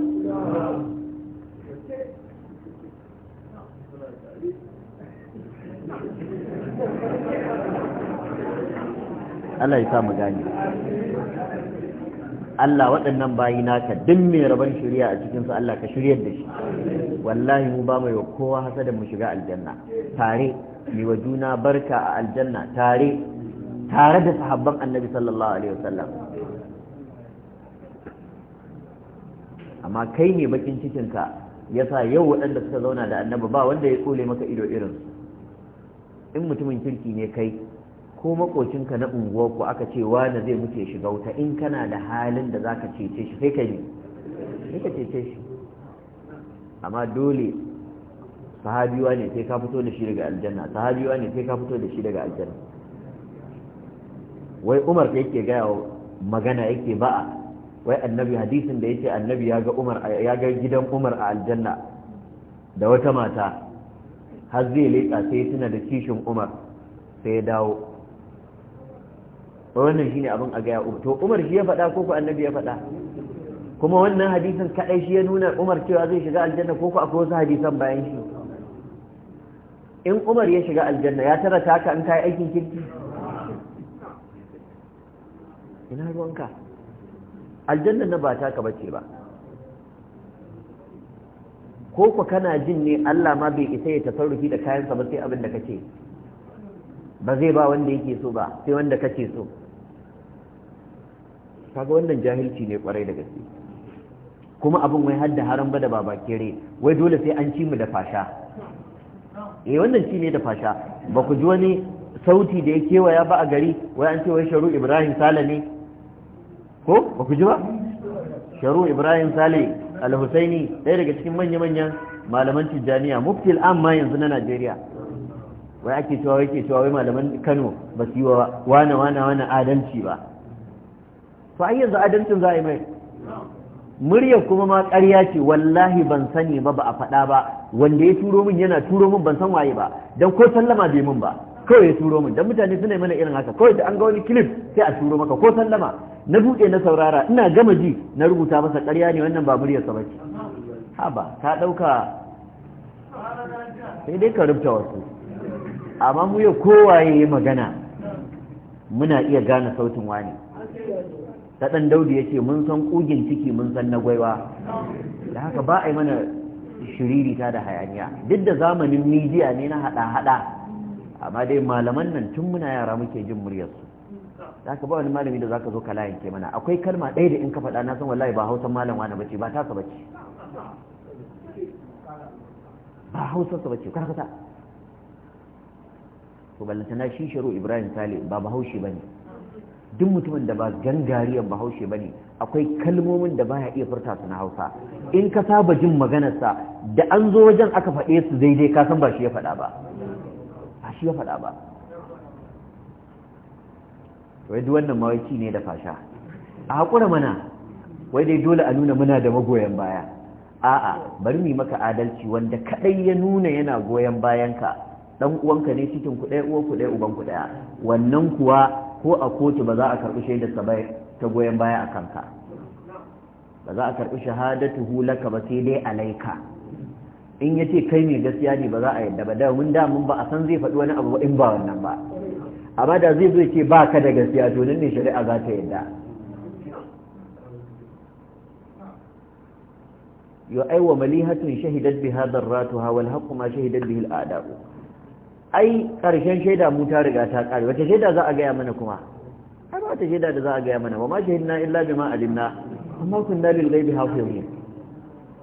Allah ya sa mu gane Allah waɗannan bayi naka duk mai rabon shirya a cikinsu Allah ka shiryar da shi wallahi mu ba mu yi kowa hasadan mu shiga aljanna tare mai wa juna barka a aljanna tare tare da sahabban annabi sallallahu alaihi wasallam amma kai ne bakin cikin ka yasa yau waɗanda suka zauna da annabi ba wanda ya kole maka ido irin in mutumin kirki ne kai ko makocinka na unguwarku aka ce wani zai mutu ya shiga wuta in kana da halin da za ka cece shi sai ka yi ka cece shi amma dole sahabiwa ne sai ka fito da shi daga aljanna sahabiwa ne sai ka fito da shi daga aljanna wai umar ka yake gaya magana yake ba'a wai annabi hadisin da yake annabi ya ga umar ya ga gidan umar a aljanna da wata mata har zai leƙa sai suna da kishin umar sai ya dawo wannan shi ne abin a gaya umar to umar shi ya faɗa ko ku annabi ya faɗa kuma wannan hadisin kaɗai shi ya nuna umar cewa zai shiga aljanna ko ku akwai wasu hadisan bayan shi in umar ya shiga aljanna ya tara taka in kai aikin kirki ina ruwanka aljanna na ba taka bace ba ko ku kana jin ne Allah ma bai isa ya tafarruki da kayansa ba sai abin da kace ba zai ba wanda yake so ba sai wanda kace so kaga wannan jahilci ne kwarai da gaske kuma abin wai hadda haram ba da baba kere wai dole sai an ci mu da fasha eh wannan ci ne da fasha ba ku ji wani sauti da ya kewaya ba a gari wai an ce wai sharu ibrahim sale ne ko ba ku ji ba sharu ibrahim sale al-husaini ɗaya daga cikin manya-manyan malaman tijjaniya mufti ma yanzu na najeriya wai ake cewa wai ke cewa wai malaman kano ba su yi wa wana wana wana adalci ba to ai yanzu adalcin za a yi mai muryar kuma ma ƙarya ce wallahi ban sani ba ba a faɗa ba wanda ya turo min yana turo min ban san waye ba dan ko sallama bai min ba kawai ya turo min dan mutane suna mana irin haka kawai da an ga wani clip sai a turo maka ko sallama na buɗe na saurara ina gama ji na rubuta masa ƙarya ne wannan ba muryar sa bace ha ba ka ɗauka sai dai ka rubuta wasu amma mu yau kowaye magana muna iya gane sautin wani ta ɗan daudu ya ce mun san ƙugin ciki mun san na gwaiwa da haka ba a yi mana shiririta da hayaniya duk da zamanin midiya ne na haɗa-haɗa amma dai malaman nan tun muna yara muke jin muryarsu da haka ba wani malami da za ka zo ka yanke mana akwai kalma ɗaya da in ka faɗa na san wallahi ba hausa malam wani bace ba saba bace ba hausa hausarsa bace karkata to ballantana shi shiru ibrahim sale ba bahaushe ba ne duk mutumin da ba gangariyar bahaushe ba ne akwai kalmomin da baya iya furta su na hausa in ka saba jin maganarsa da an zo wajen aka faɗe su daidai ka san ba shi ya faɗa ba ba shi ya faɗa ba wai duk wannan mawaki ne da fasha a haƙura mana wai dai dole a nuna muna da magoyan baya a'a bari mu maka adalci wanda kaɗai ya nuna yana goyon bayanka ɗan uwanka ne cikin ku ɗaya uwanku uban ku ɗaya wannan kuwa ko a kotu ba za a karɓi shaidarsa ba ta goyon baya a kanka ba za a karɓi shahadatuhu laka ba sai dai alaika in ya ce kai mai gaskiya ne ba za a yadda ba da mun da mun ba a san zai faɗi wani abu in ba wannan ba amma da zai zo ce ba ka da gaskiya to nan ne shari'a za ta yadda yo aiwa malihatun shahidat bi hadar ratuha wal haqqu ma shahidat bihi al a'da'u ai ƙarshen shaida mu ta riga ta ƙare wata shaida za a gaya mana kuma ai wata shaida da za a gaya mana ba ma shahidna illa bima alimna amma kunna lil ghaibi hafizun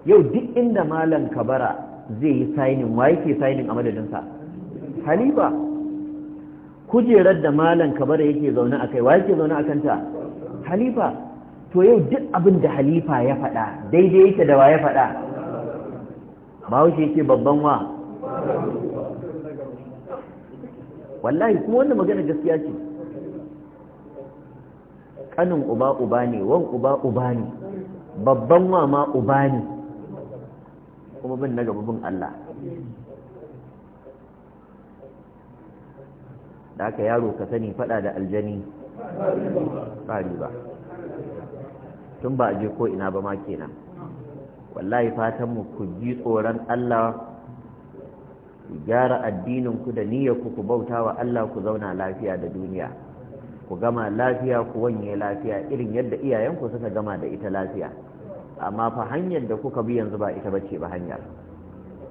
yau duk inda malam kabara zai yi signing wa yake signing a madadin sa halifa kujerar da malam kabara yake zaune akai wa yake zaune akan ta halifa to yau duk abin da halifa ya faɗa daidai yake da wa ya faɗa ba wuce yake babban wa wallahi kuma wannan magana gaskiya ce kanin uba uba ne wan uba uba ne babban wama uba ne kuma bin na gababin Allah da aka yaro ka sani fada da aljani ba tun ba a je ko ina ba ma kenan wallahi fatanmu ku ji tsoron Allah gyara addininku da niyyarku ku bauta wa Allah ku zauna lafiya da duniya ku gama lafiya ku wanye lafiya irin yadda iyayenku suka gama da ita lafiya amma fa hanyar da kuka bi yanzu ba ita bace ba hanyar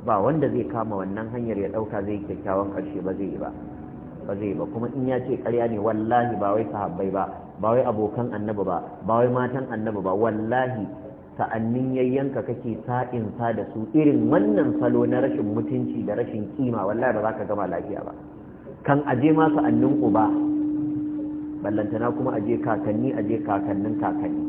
ba wanda zai kama wannan hanyar ya dauka zai kyakkyawan karshe ba zai ba ba zai ba kuma in ya ce ƙarya ne wallahi ba wai sahabbai ba ba wai abokan annabi ba ba wai matan annabi ba wallahi sa'annin yayyanka kake sa'in sa da su irin wannan salo na rashin mutunci da rashin kima wallahi ba za ka gama lafiya ba kan aje ma sa'annin uba ballantana kuma aje kakanni aje kakannin kakanni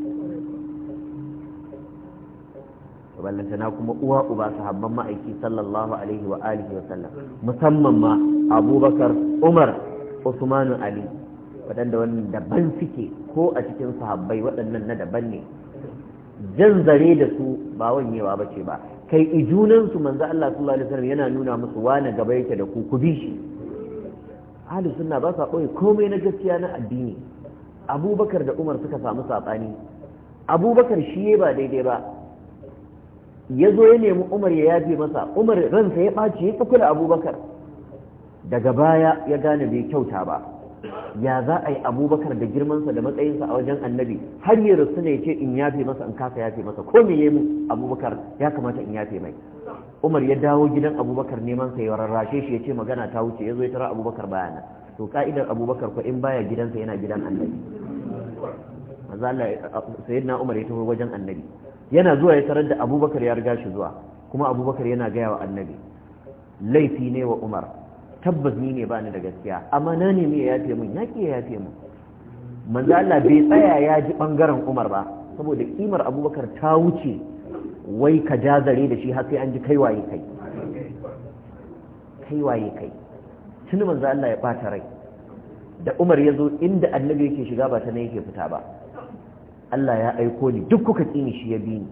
ballantana kuma uwa uba sahabban ma'aiki sallallahu alaihi wa alihi wa sallam musamman ma abubakar umar usmanu ali waɗanda wannan daban suke ko a cikin sahabbai waɗannan na daban ne jan zare da su ba wanyewa ba ce ba kai ijunan su manzo Allah sallallahu alaihi wasallam yana nuna musu wani gaba yake da ku ku bi shi ahli sunna ba sa koyi komai na gaskiya na addini abubakar da umar suka samu sabani abubakar shi ba daidai ba ya zo ya nemi umar ya yafe masa umar ransa ya ɓaci ya tsakula abubakar daga baya ya gane bai kyauta ba ya za a yi abubakar da girmansa da matsayinsa a wajen annabi har yi rasu ne ce in yafe masa in kasa yafe masa ko me yi abubakar ya kamata in yafe mai umar ya dawo gidan abubakar neman sa ya rarrashe shi ya ce magana ta wuce ya zo ya tara abubakar bayana to ka'idar abubakar ko in baya gidansa yana gidan annabi umar ya taho wajen annabi yana zuwa ya tarar da abubakar ya riga shi zuwa kuma abubakar yana gaya wa annabi laifi ne wa umar tabbas ni ne bani da gaskiya amma na nemi ya yafe mun ya ke ya yafe mun manzo Allah bai tsaya ya ji bangaren Umar ba saboda kimar Abubakar ta wuce wai ka jazare da shi har sai an ji kai waye kai kai waye kai tun manzo Allah ya bata rai da Umar ya zo inda annabi yake shiga ba ta ne yake fita ba Allah ya aiko ni duk kuka tsini shi ya bi ni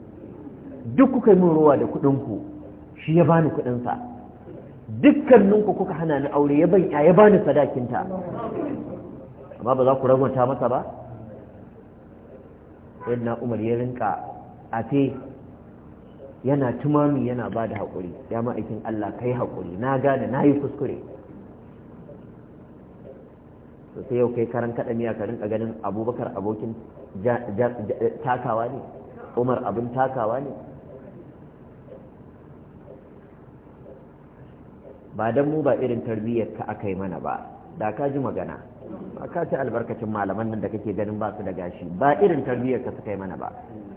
duk kuka yi min ruwa da ku shi ya bani kuɗinsa ku kuka hana ni aure ya ban ya bani sadakinta amma ba za ku ragwanta masa ba yadda umar ya rinka afe yana tumami yana ba da haƙuri ya ma'aikin Allah kai haƙuri na gada na yi kuskure to sai yau kai karan kaɗa miya ka rinka ganin abubakar abokin takawa ne umar abin takawa ne ba dan mu ba irin tarbiyyar ka aka yi mana ba da ka ji magana ba ka ci albarkacin malaman nan da kake ganin ba su da gashi ba irin tarbiyyar ka suka yi mana ba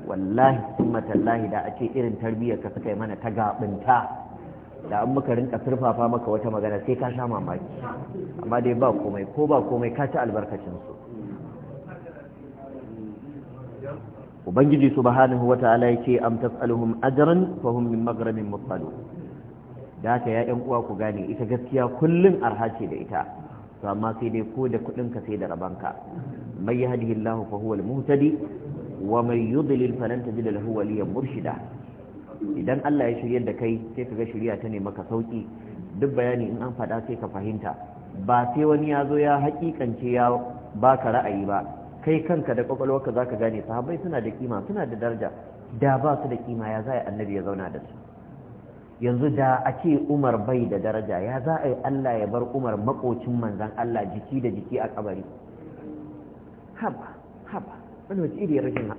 wallahi kuma tallahi da ake irin tarbiyyar ka suka yi mana ta gabinta da an muka rinka surfafa maka wata magana sai ka sha mamaki amma dai ba komai ko ba komai ka ci albarkacin su ubangiji subhanahu wataala yake am tasaluhum ajran fa hum min maghramin muttalun da haka ya yan uwa ku gane ita gaskiya kullum arha ce da ita to amma sai dai ko da kudin ka sai da rabanka may yahdihillahu fa huwal muhtadi wa may yudlil falan tajid lahu waliyan murshida idan Allah ya shiryar da kai sai ka ga shiriya ta ne maka sauki duk bayani in an faɗa sai ka fahimta ba sai wani ya zo ya hakikance ya baka ra'ayi ba kai kanka da kwakwalwarka zaka gane sahabbai suna da kima suna da daraja da ba su da kima ya zai annabi ya zauna da su yanzu da a ce umar bai da daraja ya za a yi allah ya bar umar makocin manzan allah jiki da jiki a kabari haba haba wani wace iri rashin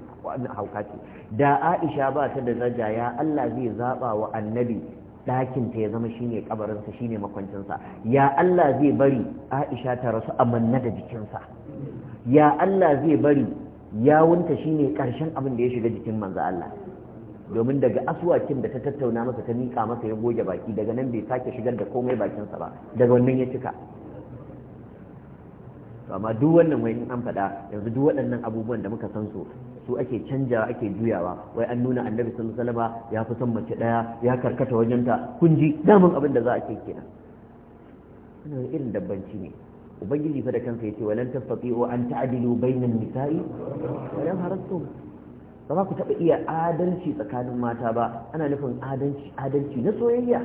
hauka ce da aisha ba ta da daraja ya allah zai zaɓa wa annabi dakin ta ya zama shine kabarinsa shine makwancinsa ya allah zai bari aisha ta rasu a manna da jikinsa ya allah zai bari yawunta shine ƙarshen abin da ya shiga jikin manzan allah domin daga aswakin da ta tattauna masa ta miƙa masa ya goge baki daga nan bai sake shigar da komai bakinsa ba daga wannan ya cika amma duk wannan wai in an faɗa yanzu duk waɗannan abubuwan da muka san su su ake canjawa ake juyawa wai an nuna annabi sun alaihi ya fi son mace daya ya karkata wajenta kun ji daman abin da za a ce kenan wannan irin dabbanci ne ubangiji fa da kansa yace walan tastati'u an ta'dilu bainan nisa'i walan harastum ba ku taɓa iya adalci tsakanin mata ba ana nufin adalci adalci na soyayya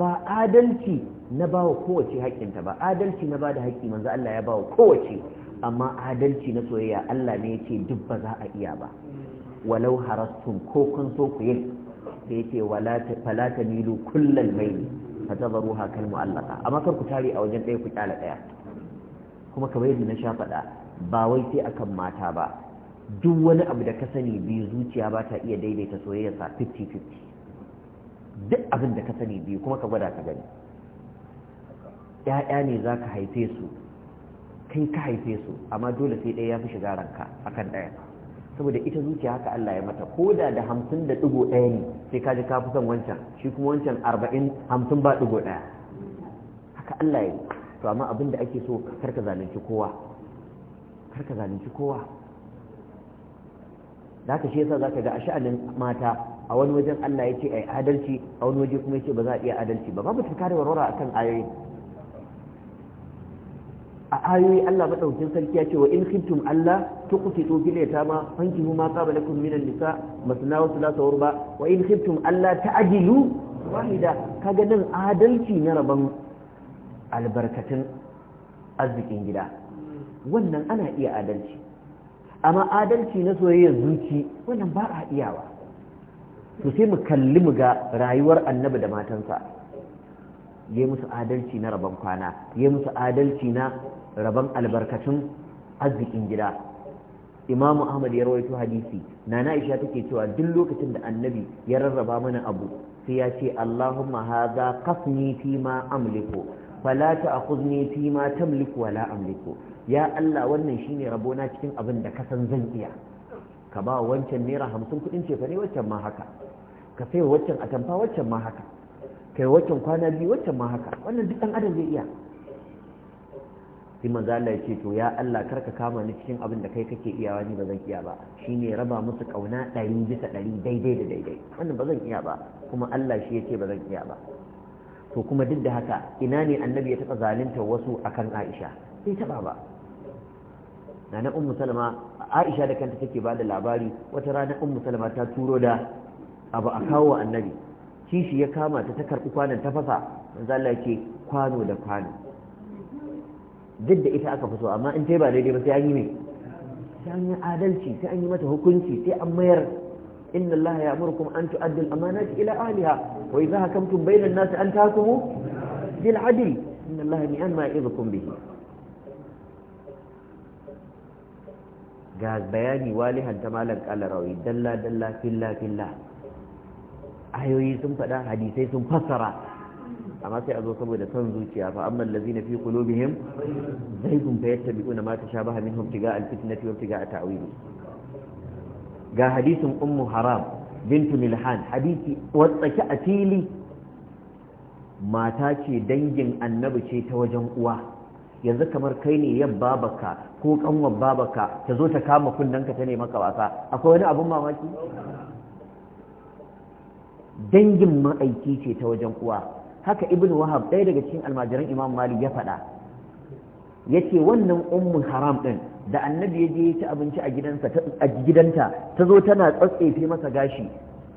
ba adalci na ba wa kowace haƙƙinta ba adalci na ba da haƙƙi manzo Allah ya ba wa kowace amma adalci na soyayya Allah ne ce duk ba za a iya ba walau harastum ko kun so ku yi da yake fala ta milu kullal maili fa kal mu'allaqa amma kar ku tare a wajen ɗaya ku kyala ɗaya kuma kamar yadda na sha faɗa ba wai sai akan mata ba duk wani abu da ka sani biyu zuciya ba ta iya daidaita soyayyarsa 50-50 duk abin da ka sani biyu kuma ka gwada ka gani ‘ya'ya ne za ka haife su kai ka haife su amma dole sai ɗaya ya fi shiga ranka a kan ɗaya saboda ita zuciya haka Allah ya mata ko da da hamsin da ɗigo ɗaya ne sai ka ji ka fi son wancan shi kuma wancan arba'in hamsin ba ɗigo ɗaya haka Allah ya yi to amma abin da ake so karka zalunci kowa karka zalunci kowa da haka shi yasa zaka ga a sha'anin mata a wani wajen Allah ya ce ai adalci a wani waje kuma yace ba za a iya adalci ba babu tuka da warwara akan ayoyi a ayoyi Allah madaukin sarki ya ce wa in khiftum Allah tuqsitu ba yatama fankihu ma qaba lakum min an-nisa masna wa thulatha wa wa in khiftum Allah ta'dilu wahida kaga nan adalci na rabon albarkatun arzikin gida wannan ana iya adalci amma adalci na soyayyar zuci wannan ba a iyawa to sai mu kalli mu ga rayuwar annabi da matansa yayi musu adalci na rabon kwana yayi musu adalci na rabon albarkatun arzikin gida imam ahmad ya rawaito hadisi nana aisha take cewa duk lokacin da annabi ya rarraba mana abu sai ya ce allahumma hadha qasni fi ma amliku fala ta'khudni fi ma tamliku wa la amliku ya Allah wannan shi ne rabona cikin abin da ka san zan iya ka ba wancan naira hamsin kuɗin ce ne waccan ma haka ka sai waccan atamfa waccan ma haka kai waccan kwana biyu waccan ma haka wannan duk ɗan adam zai iya sai manzo Allah ya ce to ya Allah karka kama ni cikin abin da kai kake iyawa ni ba zan iya ba shine raba musu kauna ɗari bisa ɗari daidai da daidai wannan ba zan iya ba kuma Allah shi yake ba zan iya ba to kuma duk da haka ina ne annabi ya taɓa zalunta wasu akan Aisha Sai taɓa ba na na ummu salama aisha da kanta take ba da labari wata rana ummu salama ta turo da abu a kawo annabi kishi ya kama ta ta karɓi kwanan ta fasa manzo Allah yake kwano da kwano duk da ita aka fito amma in tai ba daidai ba sai an yi ne sai an yi adalci sai an yi mata hukunci sai an mayar inna Allah ya amurkum an tu'addu al-amanati ila ahliha wa idha hakamtum bayna an an tahkumu bil adl inna Allah ni'ma ya'idukum bihi ga bayani walihan ta malam kalarawi dalla dalla filla filla ayoyi sun faɗa hadisai sun fassara amma sai a zo saboda son zuciya fa amma allazina fi qulubihim zaidun fa yattabi'una ma tashabaha minhum tiga alfitnati wa tiga ta'wili ga hadisin ummu haram bintu milhan hadisi watsaki a fili mata ce dangin annabi ce ta wajen uwa yanzu kamar kai ne yabba baka ko kanwar babaka ta zo ta kama ka ta maka wasa akwai wani abun mamaki dangin ma'aiki ce ta wajen uwa haka ibn wahab ɗaya daga cikin almajiran imam mali ya faɗa ya ce wannan ummu haram ɗin da annabi ya je ya ci abinci a gidansa a gidanta ta zo tana tsatsefe masa gashi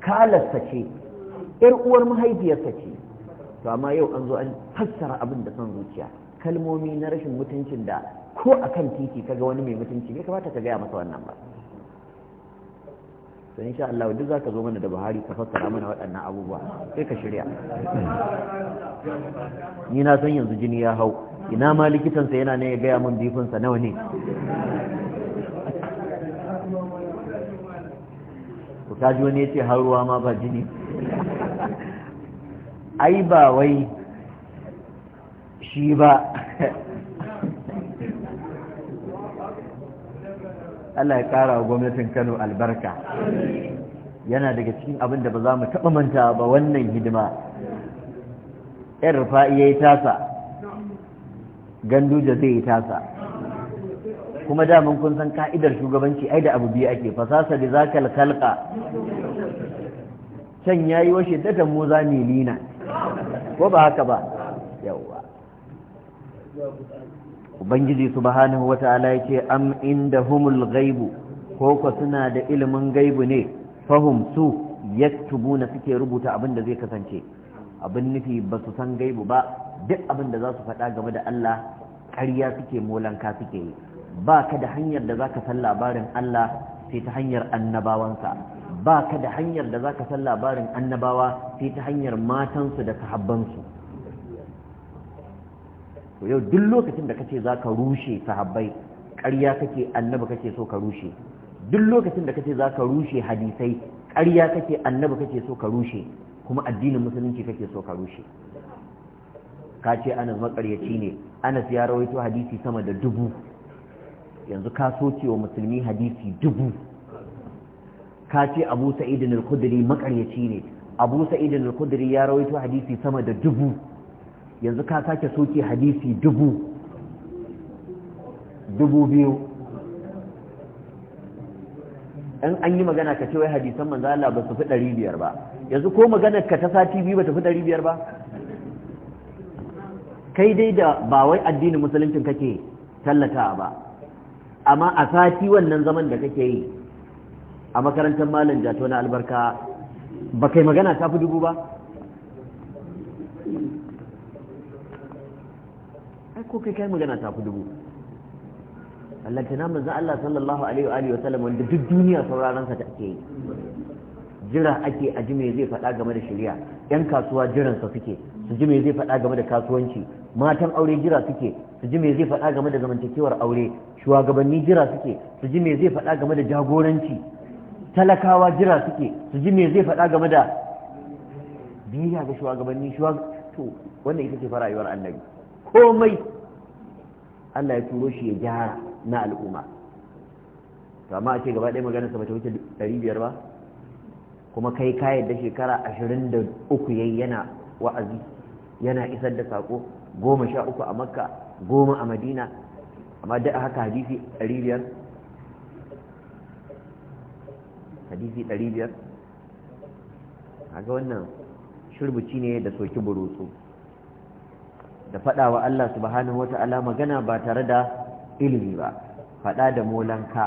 kalarsa ce ‘yar uwar mahaifiyarsa ce to amma yau an zo an fassara abin da son zuciya kalmomi na rashin mutuncin da ko a kan titi kaga wani mai mutunci bai kamata ka gaya masa wannan ba to insha Allah duk zaka zo mana da Buhari ka fassara mana waɗannan abubuwa sai ka shirya ni na san yanzu jini ya hau ina ma likitan sa yana ne ya gaya min sa nawa ne kaji wani yace har ruwa ma ba jini ai ba wai shi ba Allah ya ƙara wa gwamnatin Kano albarka yana daga cikin abin da ba za mu taɓa manta ba wannan hidima ƴan rufa'i ya yi tasa ganduja zai yi tasa kuma daman kun san ka'idar shugabanci ai da abu biyu ake fasasa da za ka kalka can ya yi washe da mu za lina ko ba haka ba yawwa ubangiji subhanahu wata'ala yake am indahumul ghaibu ko ko suna da ilimin gaibu ne fahum su yaktubuna suke rubuta abin da zai kasance abin nufi ba su san gaibu ba duk abin da za su faɗa game da Allah ƙarya suke molanka suke yi ba ka da hanyar da za ka san labarin Allah sai ta hanyar annabawansa ba ka da hanyar da za ka san labarin annabawa sai ta hanyar matansu da sahabbansu to yau duk lokacin da kace za ka rushe sahabbai ƙarya kake annabi kake so ka rushe duk lokacin da kace za ka rushe hadisai ƙarya kake annabi kake so ka rushe kuma addinin musulunci kake so ka rushe ka ce anas makaryaci ne anas ya rawaito hadisi sama da dubu yanzu ka so wa musulmi hadisi dubu ka ce abu sa'idin al-khudri makaryaci ne abu sa'idin al-khudri ya rawaito hadisi sama da dubu yanzu ka sake soke hadisi dubu dubu biyu in an yi magana ka ce wai hadisan manzo Allah ba su fi ɗari biyar ba yanzu ko magana ka ta sati biyu ba ta fi ɗari biyar ba kai dai da ba wai addinin musuluncin kake tallata ba amma a sati wannan zaman da kake yi a makarantar malam jato na albarka ba kai magana ta fi dubu ba ko kai kai magana ta ku dubu Allah ta na manzan Allah sallallahu alaihi wa sallam wanda duk duniya sauraron sa take yi jira ake a ji me zai faɗa game da shari'a yan kasuwa jiran sa suke su ji me zai faɗa game da kasuwanci matan aure jira suke su ji me zai faɗa game da zamantakewar aure shugabanni jira suke su ji me zai faɗa game da jagoranci talakawa jira suke su ji me zai faɗa game da biya ga shugabanni to wannan ita ce farayuwar annabi komai Allah ya turo shi ya gyara na al'umma to amma a ce gaba ɗaya maganar sa bata wuce ɗari biyar ba kuma kai ka yadda shekara uku yayi yana wa'azi yana isar da sako uku a Makka goma a Madina amma da haka hadisi biyar hadisi a kaga wannan shirbuci ne da soki burutsu da faɗawa Allah subhanahu wata'ala magana ba tare da ilimi ba faɗa da molanka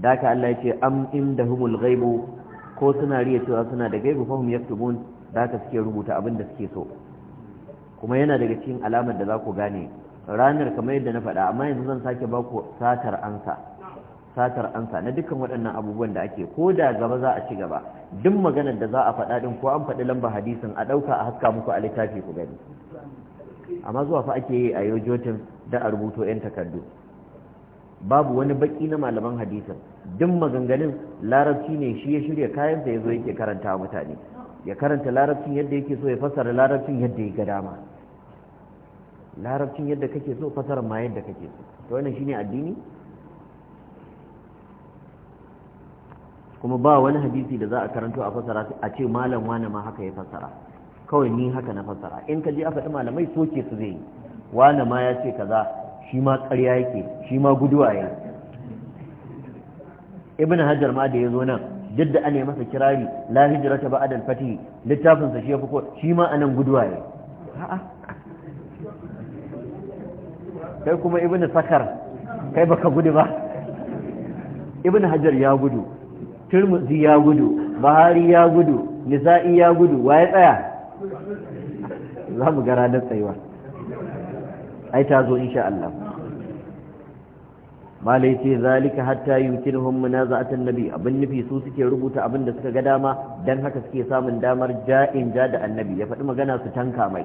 da ka Allah ya ce am indahumul ghaibu ko suna riya cewa suna da gaibu fahim yaktubun da ka suke rubuta abin da suke so kuma yana daga cikin alamar da za ku gane ranar kamar yadda na faɗa amma yanzu zan sake ba ku satar ansa satar ansa na dukkan waɗannan abubuwan da ake ko da gaba za a ci gaba duk maganar da za a faɗa ɗin ko an faɗi lamba hadisin a ɗauka a haska muku a littafi ku gani amma zuwa fa ake yi a yau jotin da a rubuto 'yan takardu babu wani baki na malaman hadisin duk maganganun larabci ne shi ya shirya kayansa ya zo yake karanta mutane ya karanta larabcin yadda yake so ya fassara larabcin yadda ya ga dama larabcin yadda kake so fasara ma yadda kake so to wannan shine addini kuma ba wani hadisi da za a karanto a fasara a ce malam wani ma haka ya fasara kawai ni haka na fasara in ka je a faɗi malamai soke su zai yi wani ma ya ce kaza shi ma ƙarya yake shi ma guduwa ya ibn hajar ma da ya zo nan duk da ana masa kirari la ta ba'd al-fatih littafin sa shi ya fuko shi ma anan guduwa ya a'a kai kuma ibn sakar kai baka gudu ba ibn hajar ya gudu turmuzi ya gudu bahari ya gudu nisa'i ya gudu wa ya tsaya za mu gara da tsayuwa ai ta zo insha Allah malai ce zalika hatta yukinhum munaza'atan nabi abin nufi su suke rubuta abin da suka ga dama dan haka suke samun damar ja'in ja da annabi ya faɗi magana su tanka mai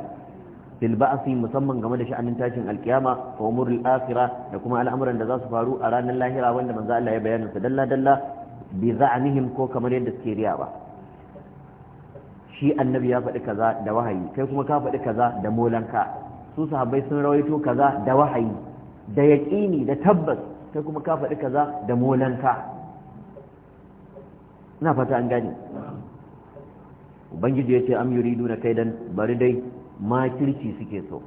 bil ba'si musamman game da sha'anin tashin alkiyama wa umurul akhirah da kuma al'amuran da za su faru a ranar lahira wanda manzo Allah ya bayyana su dalla dalla bi za'anihim ko kamar yadda suke riya ba. shi annabi ya faɗi kaza da wahayi kai kuma ka faɗi kaza da molanka su sahabbai sun rawaito kaza da wahayi da yaƙini da tabbas kai kuma ka faɗi kaza da molanka ina fata an gane ubangiji ya ce am yuridu na kaidan bari dai makirci suke so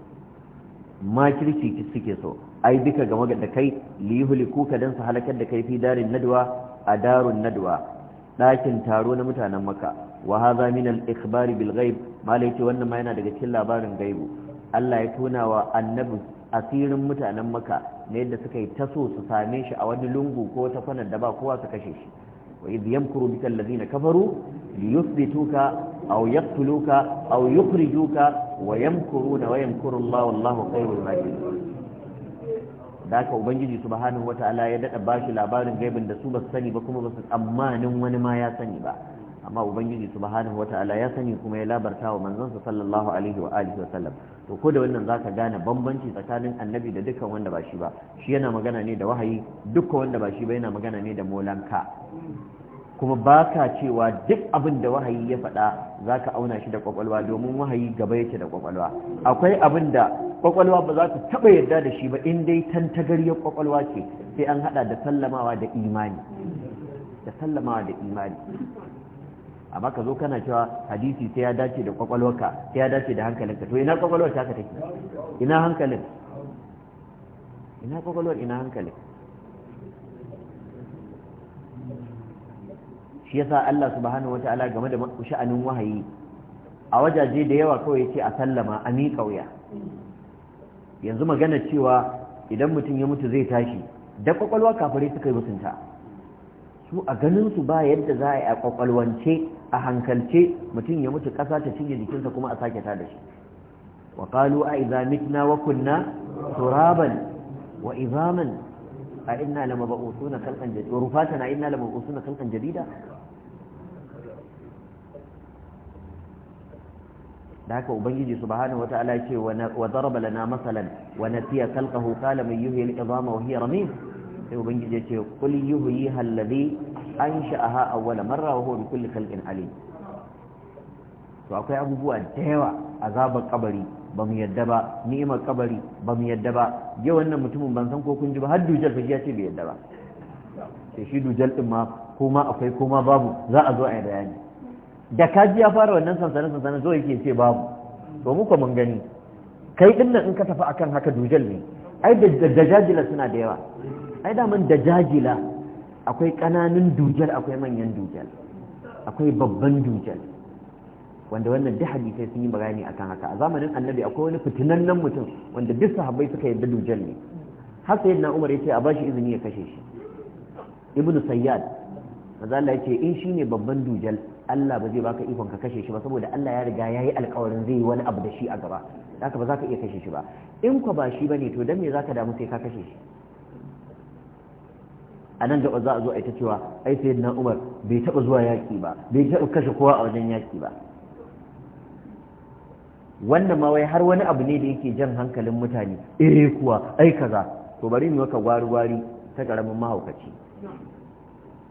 makirci suke so ai duka game da kai liyuhliku ka dan su halakar da kai fi darin nadwa a darun nadwa ɗakin taro na mutanen maka wa haza min al-ikhbari bil ghaib wannan ma yana daga cikin labarin gaibu Allah ya tona wa annabi asirin mutanen maka na yadda suka yi taso su same shi a wani lungu ko ta da ba kowa su kashe shi wa idh yamkuru bika allazina kafaru liyuthbituka aw yaqtuluka aw yukhrijuka wa yamkuruna wa yamkuru Allah wallahu khairul makirin da haka ubangiji subhanahu wataala ya dada bashi labarin gaibin da su ba su sani ba kuma ba su tsammanin wani ma ya sani ba amma ubangiji subhanahu wataala ya sani kuma ya labarta wa manzansa sallallahu alaihi wa alihi wa sallam to ko da wannan zaka gane bambanci tsakanin annabi da dukkan wanda ba shi ba shi yana magana ne da wahayi dukkan wanda ba shi ba yana magana ne da molanka kuma baka cewa duk abin da wahayi ya faɗa zaka auna shi da kwakwalwa domin wahayi gaba yake da kwakwalwa akwai abin da kwakwalwa ba za ta taɓa yarda da shi ba in dai tantagariyar kwakwalwa ce sai an haɗa da sallamawa da imani da sallamawa da imani amma ka zo kana cewa hadisi sai ya dace da kwakwalwarka sai ya dace da hankalinka to ina kwakwalwar ta ka take ina hankalin ina kwakwalwar ina hankalin shi yasa Allah subhanahu wataala game da sha'anin wahayi a wajaje da yawa kawai ce a sallama a miƙa wuya yanzu magana cewa idan mutum ya mutu zai tashi da kwakwalwa kafare suka yi mutunta su a ganin su ba yadda za a yi a kwakwalwance a hankalce mutum ya mutu ƙasa ta cinye jikinsa kuma a sake ta da shi wa qalu a idza mitna wa kunna turaban wa idhaman a inna lamab'usuna khalqan jadida wa rufatana inna lamab'usuna kalkan jadida da haka ubangiji subhanahu wataala yake wa daraba lana masalan wa nasiya khalqahu qala man yuhyi al-idama wa hiya ramim sai ubangiji yake qul yuhyiha alladhi ansha'aha awwala marra wa huwa bi kulli khalqin alim to akwai abubuwa da yawa azabar kabari ba mu yadda ba ni'imar kabari ba mu yadda ba yau wannan mutumin ban san ko kun ji ba har dujal fashi ya ce bai yadda ba sai shi dujal din ma ko ma akwai ko ma babu za a zo a yi bayani da kaji ya fara wannan sansanin sansanin zo yake ce babu to muka mun gani kai din nan in ka tafi akan haka dujal ne ai da dajajila suna da yawa ai da man dajajila akwai kananun dujal akwai manyan dujal akwai babban dujal wanda wannan duk hadisai sun yi bayani akan haka a zamanin annabi akwai wani fitinannen mutum wanda duk sahabbai suka yarda dujal ne har Umar umar yace a bashi izini ya kashe shi ibnu sayyad maza Allah yace in shine babban dujal Allah ba zai baka ikon ka kashe shi ba saboda Allah ya riga ya yi alƙawarin zai yi wani abu da shi a gaba haka ba za ka iya kashe shi ba in ku ba shi bane to dan me za ka damu sai ka kashe shi a nan gaba za a zo a ita cewa ai sai na umar bai taɓa zuwa yaƙi ba bai taɓa kashe kowa a wajen yaƙi ba wannan ma wai har wani abu ne da yake jan hankalin mutane eh kuwa ai kaza to bari mu maka gwari gwari ta karamin mahaukaci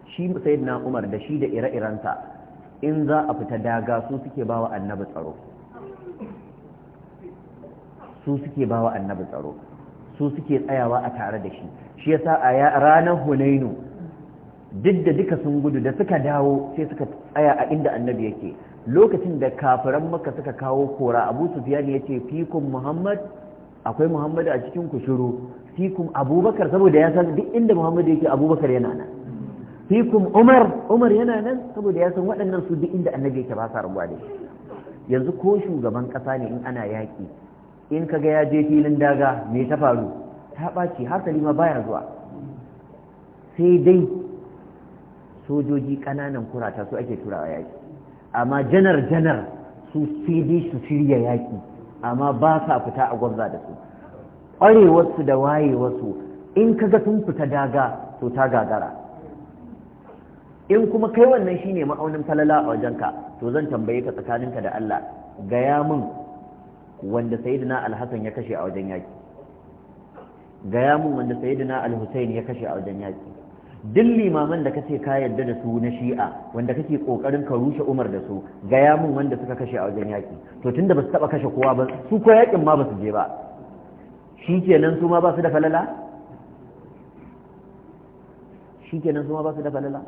shi sayyidina umar da shi da ire-irensa in za a fita daga su suke bawa annabi tsaro su suke bawa annabi tsaro su suke tsayawa a tare da shi shi yasa a ranar hunainu duk da duka sun gudu da suka dawo sai suka tsaya a inda annabi yake lokacin da kafiran maka suka kawo kora abu sufiyan ya ce fikun muhammad akwai muhammad a cikin kushuru shiru fikun abubakar saboda ya san duk inda muhammad yake abubakar yana nan fikum umar umar yana nan saboda ya san waɗannan su duk inda annabi yake ba sa rabuwa da yanzu ko shugaban ƙasa ne in ana yaƙi in kaga ya je filin daga me ta faru ta ɓaci har salima baya zuwa sai dai sojoji ƙananan kurata su ake turawa yaƙi amma janar janar su sai dai su shirya yaƙi amma ba sa fita a gwamza da su ƙwarewarsu da wayewarsu in kaga sun fita daga to ta gagara in kuma kai wannan shine ma'aunin falala a wajenka to zan tambaye ka tsakaninka da Allah gaya min wanda sayyidina al-hasan ya kashe a wajen yaki gaya min wanda sayyidina al-husayn ya kashe a wajen yaki duk limaman da kace ka yarda da su na shi'a wanda kake kokarin ka rushe umar da su gaya min wanda suka kashe a wajen yaki to tunda ba su taba kashe kowa ba su ko yakin ma ba su je ba shikenan su ma ba su da falala shikenan su ma ba su da falala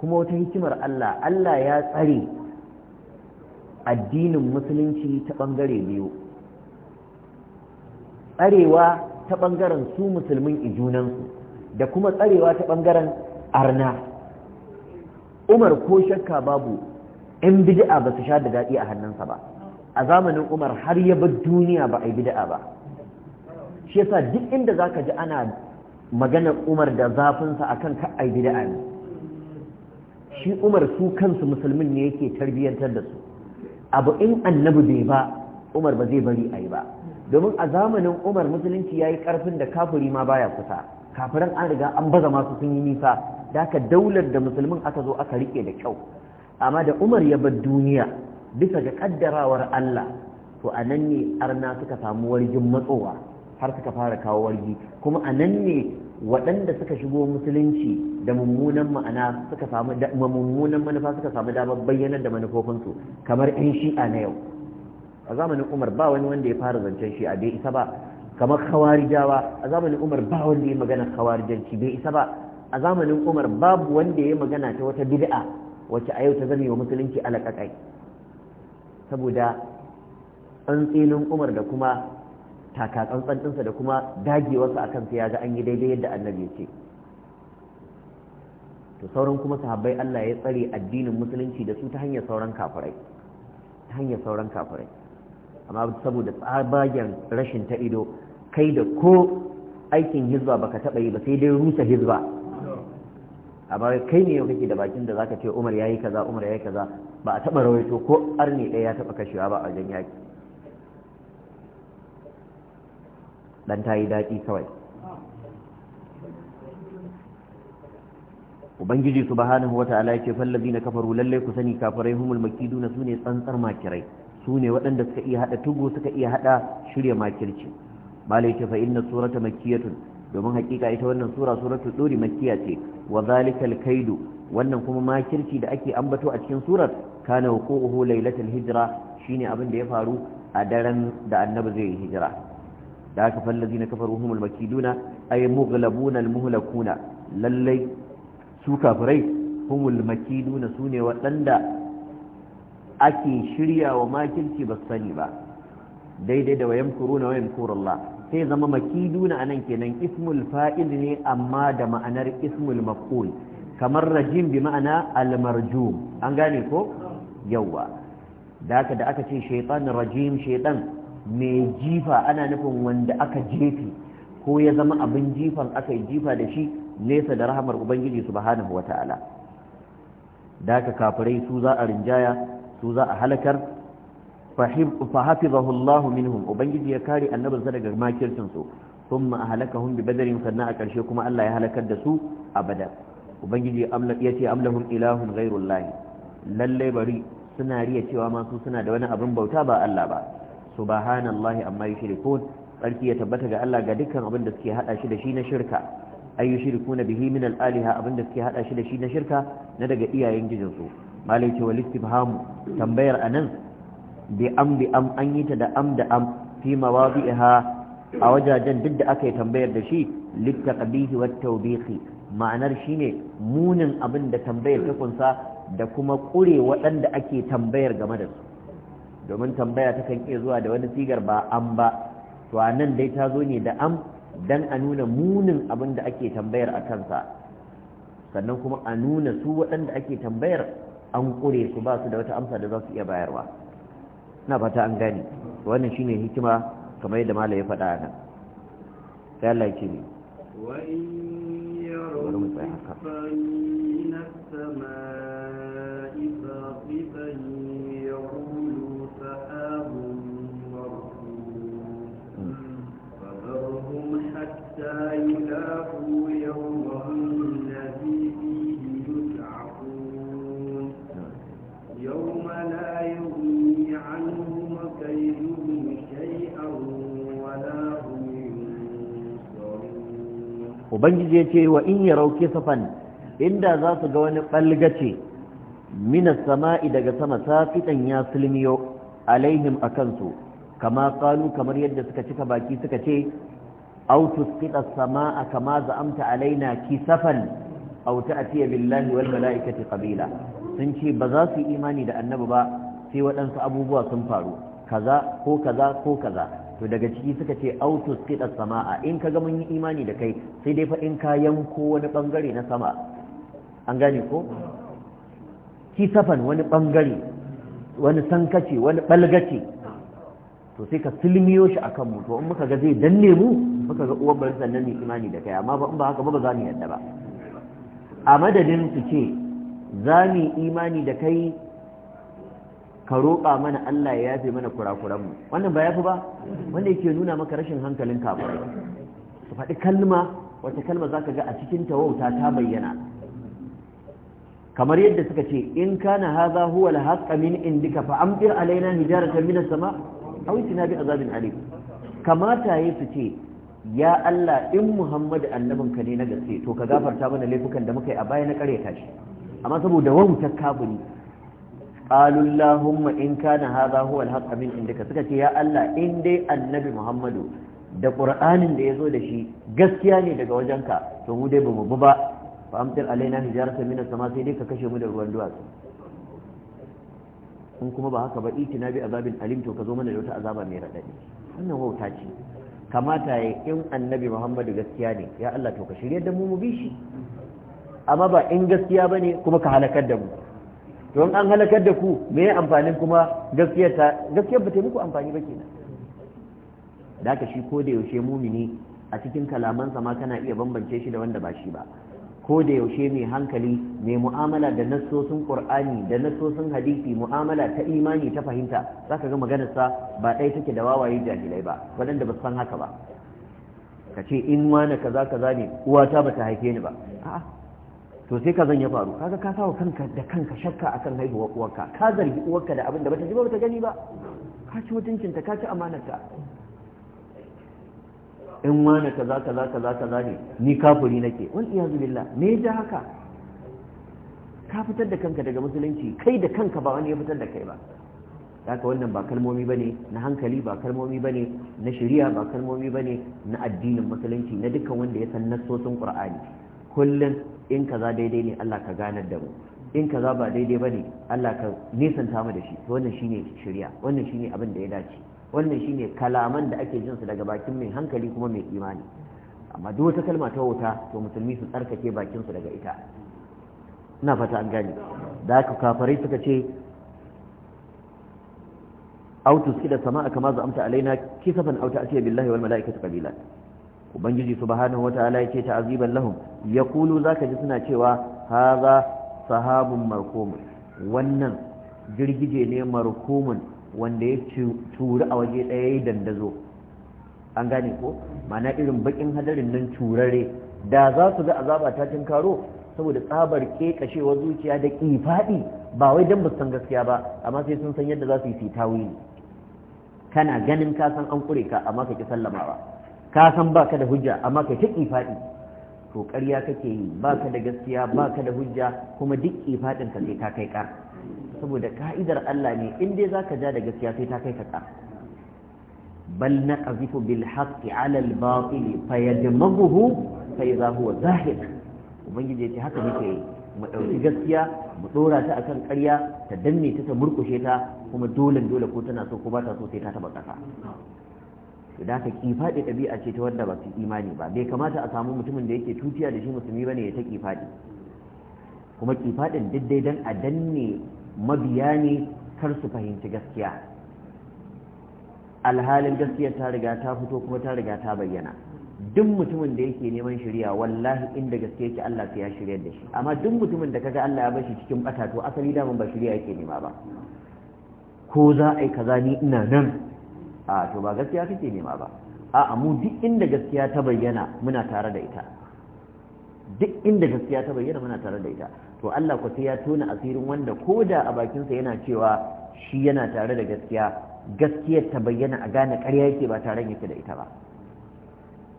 kuma wata hikimar Allah Allah ya tsare addinin musulunci ta ɓangare biyu tsarewa ta ɓangaren su musulmin ijunansu da kuma tsarewa ta ɓangaren arna umar ko shakka babu 'yan bid'a ba su sha da daɗi a hannunsa ba a zamanin umar har ya bar duniya ba a yi bid'a ba shi yasa duk inda za ka ji ana maganar umar da zafinsa akan kan ka'ai bid'a ne shi umar su kansu musulmin ne yake tarbiyyantar da su abu in annabi bai ba umar ba zai bari a yi ba domin a zamanin umar musulunci ya yi ƙarfin da kafuri ma baya kusa kafiran an riga an baza masu sun yi nisa da aka daular da musulmin aka zo aka riƙe da kyau amma da umar ya bar duniya bisa ga ƙaddarawar allah to a nan ne arna suka samu wargin matsowa har suka fara kawo wargi kuma a nan ne waɗanda suka shigo musulunci da mummunan ma'ana suka samu mummunan manufa suka samu damar bayyanar da manufofinsu kamar 'yan shi'a na yau a zamanin umar ba wani wanda ya fara zancen shi'a bai isa ba kamar khawarijawa a zamanin umar ba wanda ya magana khawarijanci bai isa ba a zamanin umar babu wanda ya magana ta wata bid'a wacce a yau ta zame wa musulunci alaƙaƙai saboda an tsinin umar da kuma Takakan tsantsan da kuma dagewarsa a kansa ya ga an yi daidai yadda annabi ya ce to sauran kuma sahabbai Allah ya tsare addinin musulunci da su ta hanyar sauran kafirai ta hanyar sauran kafirai amma saboda tsabagen rashin ta ido kai da ko aikin hizba baka taɓa yi ba sai dai rusa hizba amma kai ne yau kake da bakin da zaka ce Umar yayi kaza Umar yayi kaza ba a taba rawaito ko arni ɗaya ya taba kashewa ba a wajen yaki dan ta yi daɗi kawai ubangiji subhanahu wata'ala yake fallazina kafaru lallai ku sani kafarai humul su ne tsantsar makirai sune waɗanda suka iya haɗa tugo suka iya haɗa shirya makirci malai yake fa inna surata makiyatun domin hakika ita wannan sura suratul duri makiya ce wa zalikal kaidu wannan kuma makirci da ake ambato a cikin surar kana wuquhu lailatul hijra shine abin da ya faru a daren da annabi zai yi hijira da aka fallazi na kafar ruhumul makiduna ay mughlabuna almuhlakuna lallai su kafirai humul makiduna sune waɗanda ake shirya wa makilci ba sani ba daidai da wayan kuruna wayan kurallah sai zama makiduna nan kenan ismul fa'il ne amma da ma'anar ismul maf'ul kamar rajim bi ma'ana almarjum an gane ko yawa da aka da aka ce shaitan rajim shaitan mai jifa ana nufin wanda aka jefe ko ya zama abin jifan aka yi jifa da shi nesa da rahamar ubangiji subhanahu wata'ala da aka kafirai su za a rinjaya su za a halakar fahafizahu Allahu minhum ubangiji ya kare annabinsa daga makircin su thumma ahlakahum bi badarin sannan a karshe kuma Allah ya halakar da su a ubangiji ya ce amlahum ilahun lahi lallai bari suna riya cewa ma su suna da wani abin bauta ba Allah ba subhanallahi amma yushrikun sarki ya tabbata ga Allah ga dukkan abin da suke hada shi da shi na shirka ay yushrikuna bihi min al-aliha abin da suke hada shi da shi na shirka na daga iyayen gidansu. malai ce wal istifham tambayar anan bi am bi am an yi ta da am da am fi a wajajen duk da aka yi tambayar da shi littaqbihi wat tawbihi ma'anar shine munin abin da tambayar ta kunsa da kuma kure waɗanda ake tambayar game da su domin tambaya ta kan iya zuwa da wani sigar ba an ba to nan dai ta zo ne da am dan a nuna munin abin da ake tambayar a kansa sannan kuma a nuna su waɗanda ake tambayar an ƙure su ba su da wata amsa da za su iya bayarwa na fata an gane wannan ne hikima kamar yadda malai ya faɗa nan sai Allah ya ce ne wa in ubangiji ya ce wa in يسعقون rauke safan inda za su ga wani ɓalgace minas sama'i daga sama fi ɗanya sulmiyo alaihim a kansu kama kalu kamar yadda suka cika baki suka ce أو تسقط السماء samaa kama za'amta alaina kisafan تأتي بالله والملائكة wal سنشي بزاسي sun ce ba za su yi imani da annabi ba sai waɗansu abubuwa sun faru kaza ko to daga ciki suka ce autos tusqita samaa in ka mun yi imani da kai sai dai fa in ka yanko wani bangare na sama an gane ko kisafan wani bangare wani sankace wani balgace to sai ka silmiyo shi akan mu to in muka ga zai danne mu muka ga uwar bari sannan imani da kai amma ba in ba haka ba ba za mu yadda ba a madadin su ce za mu imani da kai ka roƙa mana Allah ya yafe mana kurakuranmu wannan ba yafi ba wanda yake nuna maka rashin hankalin kafirai su faɗi kalma wata kalma za ka ga a cikin tawauta ta bayyana kamar yadda suka ce in kana haza huwa al-haqqa min indika fa amtir alaina hijaratan min as-sama' aw itina bi azabin alim kamata yayi su ce ya Allah in Muhammadu ka ne na gaske to ka gafarta mana laifukan da muka yi a baya na karyata shi amma saboda wauta kaburi qalu allahumma in kana hadha huwa alhaq min indaka suka ce ya Allah in dai annabi Muhammadu da qur'anin da yazo da shi gaskiya ne daga wajenka to mu dai bamu bu ba fa amtir alaina hijaratan min as-sama sai dai ka kashe mu da ruwan duwatsu in kuma ba haka ba itina bi azabin alim to ka zo mana da wata azaba mai radadi wannan wauta ce kamata ya in annabi muhammadu gaskiya ne ya Allah to ka shirya da mu mu bi shi amma ba in gaskiya ba ne kuma ka halakar da mu don an halakar da ku me ya amfanin kuma gaskiyar ta gaskiyar ba ta muku amfani ba kenan da ka shi ko da yaushe mumini a cikin kalamansa ma kana iya bambance shi da wanda ba shi ba ko da yaushe mai hankali mai mu'amala da nassosin qur'ani da nassosin hadisi mu'amala ta imani ta fahimta zaka ga maganar sa ba dai take da wawaye jahilai ba wadanda ba san haka ba ka ce in wani kaza kaza ne uwata ba ta haife ni ba a'a to sai zan ya faru kaga ka sawa kanka da kanka shakka akan haihuwar uwarka ka zargi uwarka da abin da bata ji ba bata gani ba ka ci mutuncinta ka ci amanarta in za kaza kaza kaza kaza ne ni kafiri nake wal iyazu billah me ya haka ka fitar da kanka daga musulunci kai da kanka ba wani ya fitar da kai ba haka wannan ba kalmomi bane na hankali ba kalmomi bane na shari'a ba kalmomi bane na addinin musulunci na dukkan wanda ya san nassosin qur'ani kullum in kaza daidai ne Allah ka ganar da mu in kaza ba daidai bane Allah ka nisanta mu da shi to wannan shine shari'a wannan shine abin da ya dace wannan shine kalaman da ake jinsu daga bakin mai hankali kuma mai imani amma duk wata kalma ta wuta to musulmi su tsarkake bakinsu daga ita ina fata an gane da aka kafarai suka ce aw tusqita samaa kama amta alaina kisafan auta ta'tiya billahi wal mala'ikatu qabila ubangiji subhanahu wataala ta aziban lahum yaqulu zaka ji suna cewa haza sahabun markum wannan girgije ne markumun wanda ya turi a waje ɗaya ya dandazo an gane ko mana irin bakin hadarin nan turare da za su ga azaba ta karo saboda tsabar kekashewar zuciya da kifaɗi ba wai don san gaskiya ba amma sai sun san yadda za su yi fitawi kana ganin ka san an kure ka amma ka ki sallamawa ka san ba ka da hujja amma ka ta kifaɗi to ƙarya kake yi Ba ka da gaskiya ba ka da hujja kuma duk kifaɗin ka sai ka kai ka saboda ka'idar Allah ne in za zaka ja da gaskiya sai ta kai ka tsara bal naqzifu bil haqqi ala Fa batil fayadmaghuhu fa idha huwa zahir ubangiji ce haka muke mu ɗauki gaskiya mu dora ta akan ƙarya ta danne ta ta murkushe ta kuma dole dole ko tana so ko ba ta so sai ta taba kasa da ka kifaɗi ɗabi'a ce ta wanda ba su imani ba bai kamata a samu mutumin da yake tutiya da shi musulmi ne ya ta kifaɗi kuma kifaɗin duk dai a danne mabiya ne kar su fahimci gaskiya alhalin gaskiya ta riga ta fito kuma ta riga ta bayyana duk mutumin da yake neman shirya wallahi inda gaskiya yake Allah ya shirya da shi amma duk mutumin da kaga Allah ya bashi cikin bata to asali da ba shirya yake nema ba ko za a yi kaza ni ina nan a to ba gaskiya kake nema ba a mu duk inda gaskiya ta bayyana muna tare da ita duk inda gaskiya ta bayyana muna tare da ita to Allah ku sai ya tona asirin wanda koda a bakinsa yana cewa shi yana tare da gaskiya gaskiyar ta bayyana a gane ƙarya yake ba tare yake da ita ba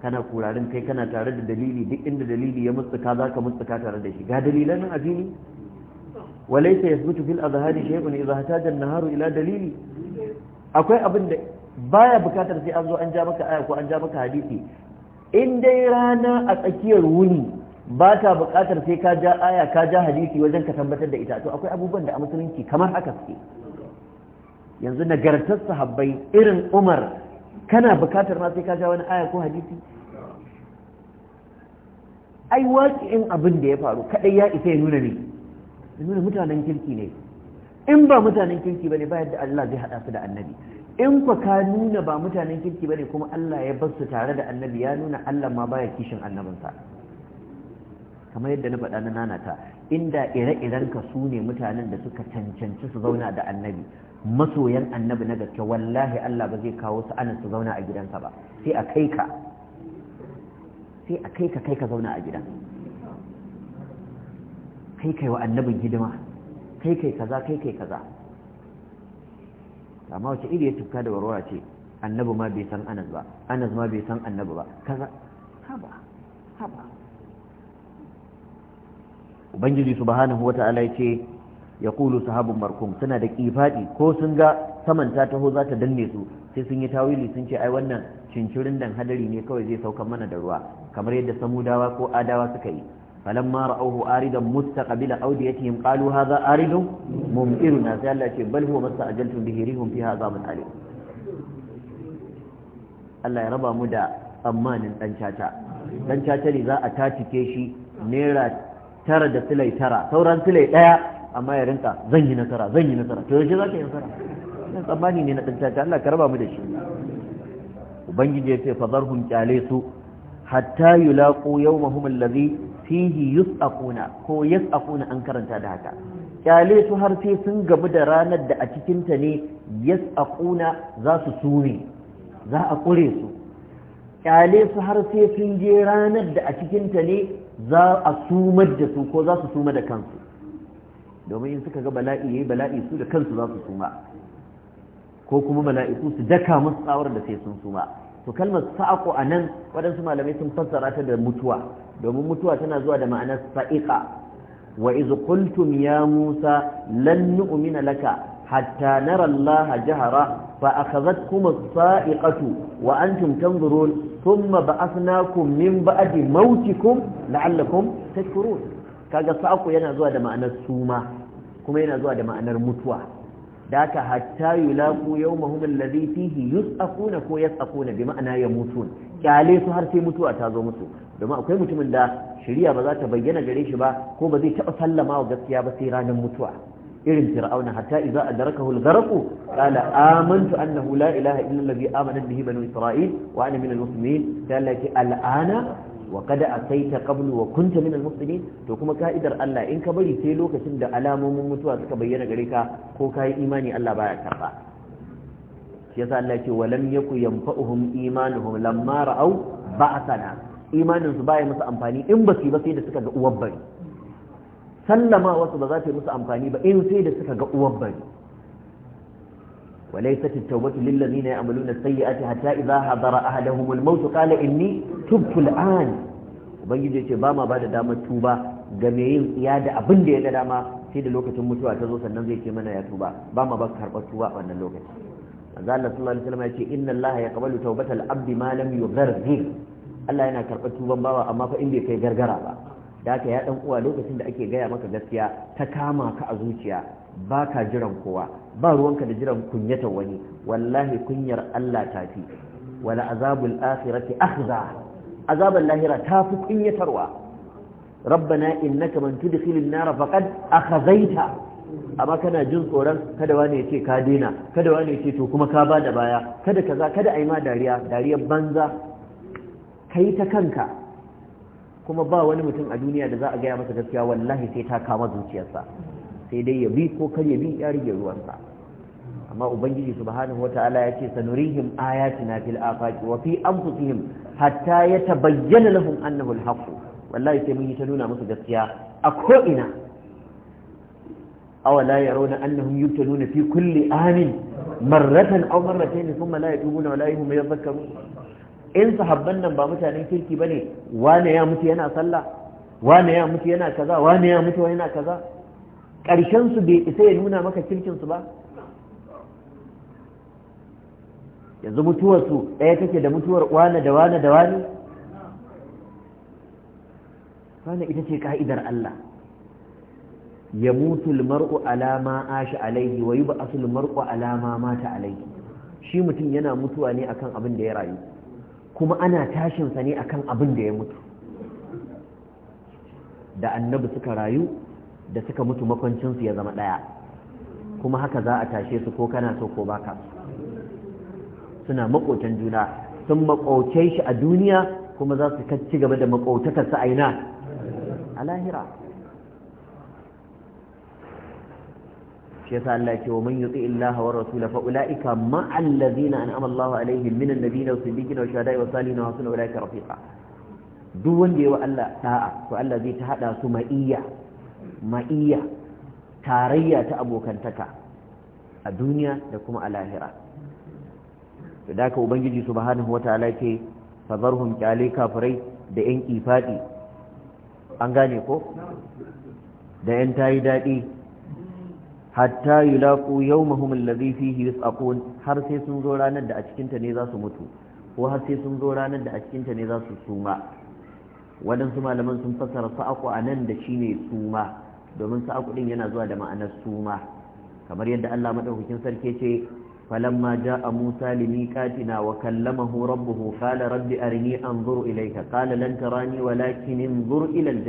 kana kurarin kai kana tare da dalili duk inda dalili ya mutsuka za ka mutsuka tare da shi ga dalilan nan a fili yasbutu fil azhari shay'un idha hataja an-naharu ila dalili akwai abin da baya bukatar sai an zo an ja maka aya ko an ja maka hadisi in dai rana a tsakiyar wuni ba ta buƙatar sai ka ja aya ka ja hadisi wajen ka tabbatar da ita to akwai abubuwan da a musulunci kamar haka suke yanzu nagartar sahabbai irin umar kana buƙatar ma sai ka ja wani aya ko hadisi ai in abin da ya faru kaɗai ya isa ya nuna ne ya nuna mutanen kirki ne in ba mutanen kirki ba ne ba yadda Allah zai haɗa su da annabi in ku ka nuna ba mutanen kirki ba kuma Allah ya bar su tare da annabi ya nuna Allah ma baya kishin annabinsa kamar yadda na faɗa na nanata inda ire-irenka su ne mutanen da suka cancanci su zauna da annabi masoyan annabi na gaske wallahi Allah ba zai kawo su ana su zauna a gidansa ba sai a kai ka sai a kai ka kai ka zauna a gidan kai kai wa annabin hidima kai kai kaza kai kai kaza amma wace iri ya tufka da warwara ce annabi ma bai san anas ba anas ma bai san annabi ba kaza haba haba ubangiji subhanahu wata'ala ya su sahabun markum suna da kifadi ko sun ga saman ta taho za ta danne su sai sun yi tawili sun ce ai wannan cincirin dan hadari ne kawai zai sauka mana da ruwa kamar yadda samudawa ko adawa suka yi ma ra'auhu aridan mustaqbila awdiyatihim qalu hadha aridun mumtiruna sai Allah ce bal huwa masta'jaltum bihi rihum fiha azabun alim Allah ya raba mu da tsammanin dan caca dan caca ne za a tatike shi naira tara da silai tara sauran silai ɗaya amma ya rinka zan yi nasara zan yi nasara to yaushe za ka yi nasara ina tsammani ne na ɗan caca Allah ka raba mu da shi ubangiji ya ce fazarhum kyale su hatta yulaqu yawmahum allazi fihi yus'aquna ko yus'aquna an karanta da haka kyale su har sai sun gabu da ranar da a cikin ta ne yus'aquna za su sune za a kure su kyale su har sai sun je ranar da a cikin ta ne za a sumar da su ko za su suma da kansu domin in suka ga bala'i yayi bala'i su da kansu za su suma ko kuma mala'iku su daka musu tsawar da sai sun suma to kalmar sa'aqu anan waɗansu malamai sun fassara ta da mutuwa domin mutuwa tana zuwa da ma'anar sa'iqa wa iz qultum ya musa lan nu'mina laka hatta nara allaha jahara fa akhadhatkum as-sa'iqatu wa antum tanzurun thumma ba'athnakum min ba'di mautikum la'allakum tashkurun kaga sa'ku yana zuwa da ma'anar suma kuma yana zuwa da ma'anar mutuwa da haka hatta yulaqu yawmahum alladhi fihi yus'aquna ko yasakuna bi ma'ana yamutun kyale su har sai mutuwa ta zo musu domin akwai mutumin da shari'a ba za ta bayyana gare shi ba ko ba zai taɓa sallama wa gaskiya ba sai ranar mutuwa irin fir'auna hatta idza adrakahu al-gharq qala amantu annahu la ilaha illa allazi amana bihi banu isra'il wa ana min al-muslimin dalla ki al-ana wa qad ataita qablu wa kunta min al-muslimin to kuma ka'idar Allah in ka bari sai lokacin da alamomin mutuwa suka bayyana gare ka ko kai imani Allah baya karba shi yasa Allah ce walam yaku yanfa'uhum imanuhum lamma ra'aw ba'athana imanin su baya musu amfani in ba ba sai da suka ga uwar bari sallama wasu ba za ta yi musu amfani ba in sai da suka ga uwar bari وليست التوبة للذين يعملون السيئات حتى إذا حضر أحدهم الموت قال إني تبت an. ubangiji ce ba ma ba da damar tuba ga mai yin iya da abin da ya ga dama sai da lokacin mutuwa ta zo sannan zai ce mana ya tuba ba ma ba karɓar tuba wannan lokaci manzo Allah sallallahu alaihi wasallam ya ce inna Allah yaqbalu tawbatal abdi ma lam Allah yana karɓar tuban bawa amma fa in bai kai gargara ba da haka ya dan uwa lokacin da ake gaya maka gaskiya ta kama ka a zuciya ba ka jiran kowa ba ruwanka da jiran kunyata wani wallahi kunyar Allah ta fi wala azabul akhirati akhza azabul lahira ta fi kunyatarwa rabbana innaka man tudkhilin nar faqad akhzaita amma kana jin tsoron kada wani ya ce ka daina kada wani ya ce to kuma ka bada baya kada kaza kada ai ma dariya dariyar banza kai ta kanka kuma ba wani mutum a duniya da za a gaya masa gaskiya wallahi sai ta kama zuciyarsa sai dai ya bi ko kar ya bi ya rige ruwansa amma ubangiji subhanahu wataala ya ce sanurihim ayatina fil afaqi wa fi anfusihim hatta yatabayyana lahum annahu al-haqq wallahi sai mun yi ta nuna musu gaskiya a ko ina awala yarawna annahum yubtaluna fi kulli amin marratan aw marratayn thumma la yatubuna wa la yahum yadhakkarun in sahabban nan ba mutanen kirki ba ne wane ya mutu yana sallah wane ya mutu yana kaza wane ya mutu yana kaza ƙarshensu bai isa ya nuna maka kirkinsu ba yanzu mutuwarsu ɗaya take da mutuwar wane da wane da wane wane ita ce ka'idar Allah ya mutu mar'u alama ashi alaihi wa yi ba asul mar'u alama mata alaihi shi mutum yana mutuwa ne akan abin da ya rayu kuma ana tashinsa ne akan abin da ya mutu da annabi suka rayu da suka mutu makwancinsu ya zama ɗaya kuma haka za a tashe su ko kana so ko baka suna makotan juna sun makoce shi a duniya kuma za su ci gaba da makotakarsa a ina a lahira shi yasa Allah ke wa man yuti illaha wa rasula fa ulaika ma allazina an'ama Allah alaihim minan nabiyina wa siddiqina wa shuhada'i wa salihina wa hasuna ulaika rafiqa duk wanda yayi wa Allah da'a to Allah zai ta haɗa su ma'iyya ma'iya tarayya ta abokantaka a duniya da kuma a lahira to da ka ubangiji subhanahu wataala ke fazarhum kyale kafirai da yan kifadi an gane ko da yan tayi dadi hatta yulaqu yawmahum alladhi fihi yus'aqun har sai sun zo ranar da a cikin ta ne za su mutu ko har sai sun zo ranar da a cikin ta ne za su suma wadansu malaman sun fassara sa'aqu anan da shine suma domin sa'aqu din yana zuwa da ma'anar suma kamar yadda Allah madaukakin sarki ce falamma ja'a Musa limiqatina wa kallamahu rabbuhu qala rabbi arini anzur ilayka qala lan tarani walakin anzur ila al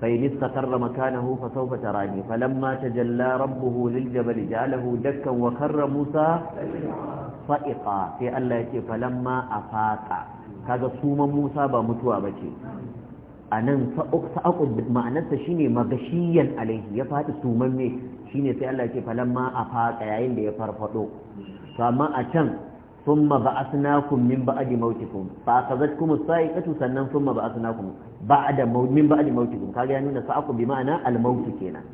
فإن استقر مكانه فسوف تراني فلما تجلى ربه للجبل جعله دكا وخر موسى صائقا في الله يتي فلما أفاق هذا صوم موسى بمتوى بكي anan sa'uqud ma'anarsa shine magashiyan alaihi ya fadi sumamme shine sai Allah ya ce a afaqa yayin da ya farfaɗo. to a can thumma ba'athnakum min ba'di mautikum fa akhadhatkum as-sa'iqatu sannan thumma ba'athnakum ba'da min ba'di mautikum kaga ya nuna sa'akum bi ma'ana kenan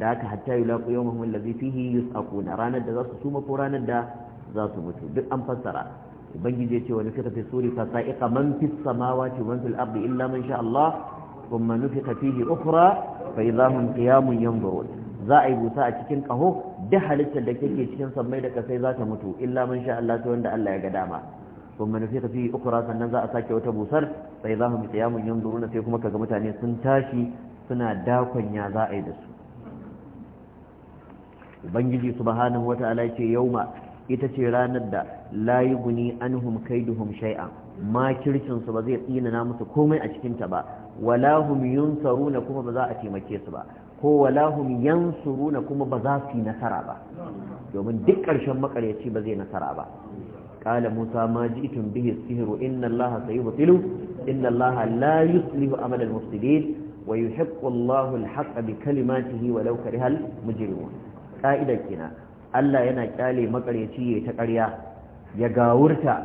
da haka hatta yulaqu yawmahum allazi fihi yus'aquna ranar da za su suma ko ranar da za su mutu duk an fassara ubangiji ya ce wa nufika fi suri fa sa'iqa man fis samawati wa fil ardi illa man sha Allah thumma nufika fihi ukhra fa idha hum qiyamun yanzurun za a yi busa a cikin kaho duk halittar da kake cikin sammai da kasai za ta mutu illa mun sha Allah sai wanda Allah ya ga dama kuma nufi fi ukura sannan za a sake wata busar sai za mu qiyamun yanzuruna sai kuma kaga mutane sun tashi suna dakon ya za a yi da su ubangiji subhanahu wata'ala ce yauma ita ce ranar da la yuguni anhum kaiduhum shay'an kirkin su ba zai tsina na musu komai a cikin ta ba wala hum yunsaruna kuma ba za a taimake su ba ko walahum yansuruna kuma ba za su yi nasara ba domin duk ƙarshen makaryaci ba zai nasara ba ƙala musa ma itin bihi sihru inna allaha sayubtilu inna allaha la yuslihu amal al mufsidin wa yuhiqqu allahu al haqqa bi kalimatihi walau kariha al mujrimun qa'ida kina Allah yana kyale makaryaci ya ta ƙarya ya gawurta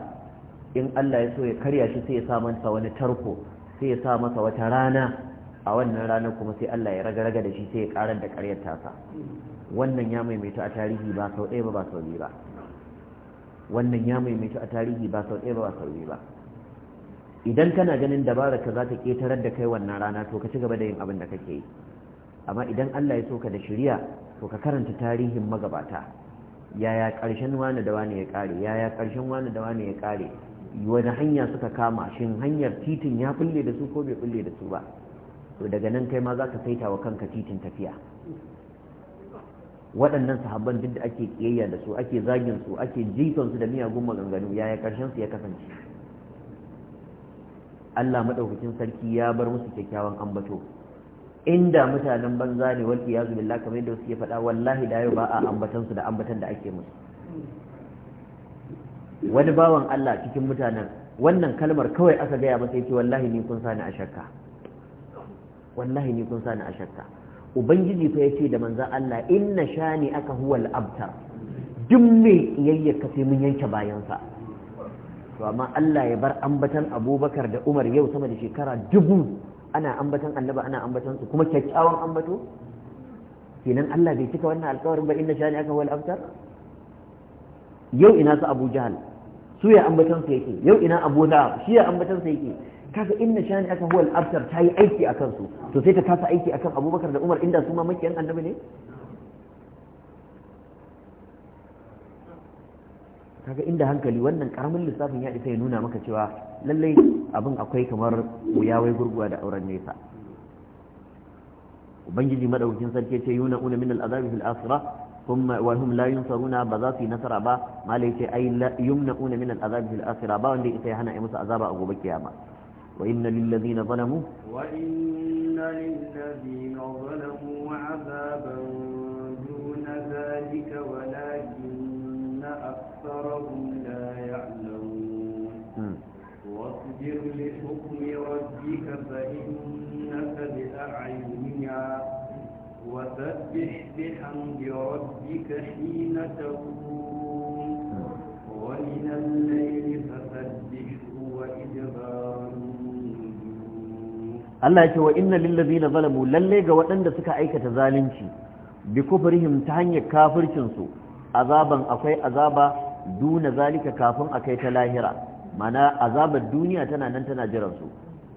in Allah ya so ya karya shi sai ya sa masa wani tarko sai ya sa masa wata rana a wannan ranar kuma sai Allah ya raga-raga da shi sai ya karar da karyar tasa wannan ya maimaita a tarihi ba sau ɗaya ba ba sau biyu ba wannan ya maimaita a tarihi ba sau ɗaya ba ba sau biyu ba idan kana ganin dabara ka za ta ƙetarar da kai wannan rana to ka ci gaba da yin abin da kake yi amma idan Allah ya so ka da shirya to ka karanta tarihin magabata yaya ƙarshen wani da wani ya ƙare yaya ƙarshen wani da wani ya ƙare wani hanya suka kama shin hanyar titin ya fulle da su ko bai fulle da su ba to daga nan kai ma za ka saita wa kanka titin tafiya waɗannan sahabban duk da ake kiyayya da su ake zagin su ake jifan su da miyagun maganganu yaya ƙarshen su ya kasance Allah madaukakin sarki ya bar musu kyakkyawan ambato inda mutanen banza ne wal iyazu billah kamar yadda suke faɗa wallahi da ba a ambatan su da ambatan da ake musu wani bawan Allah cikin mutanen wannan kalmar kawai aka gaya masa yace wallahi ni kun sani a shakka wallahi ni kun sani a shakka ubangiji fa yace da manzon Allah inna shani aka huwal abtar duk mai yayyaka sai mun yanke bayansa to amma Allah ya bar ambatan Abubakar da Umar yau sama da shekara dubu ana ambatan annaba ana ambatan su kuma kyakkyawan ambato kenan Allah bai cika wannan alƙawarin ba inna shani aka huwal abtar yau ina su Abu Jahal su ya ambatan su yake yau ina Abu Lahab shi ya ambatan su yake kaga inna shani aka huwal abtar ta yi aiki a kansu to sai ta kasa aiki akan abubakar da umar inda su ma makiyan annabi ne kaga inda hankali wannan karamin lissafin ya isa ya nuna maka cewa lallai abin akwai kamar wuyawai gurguwa da auren nesa ubangiji madaukakin sarki ce yuna una min al'azabi fil akhirah thumma wa hum la ba za su yi nasara ba malai ce ay yumna una min al'azabi fil akhirah ba wanda isa ya hana ai musu azaba a gobe kiyama وإن للذين ظلموا وإن للذين ظلموا عذابا دون ذلك ولكن أكثرهم لا يعلمون واصبر لحكم ربك فإنك بأعيننا وسبح بحمد ربك حين تقوم ومن الليل فسبح Allah ya ce wa inna lillazina zalamu lalle ga waɗanda suka aikata zalunci bi kufrihim ta hanyar kafircin su azaban akwai azaba duna zalika kafin akai ta lahira mana azabar duniya tana nan tana jiran su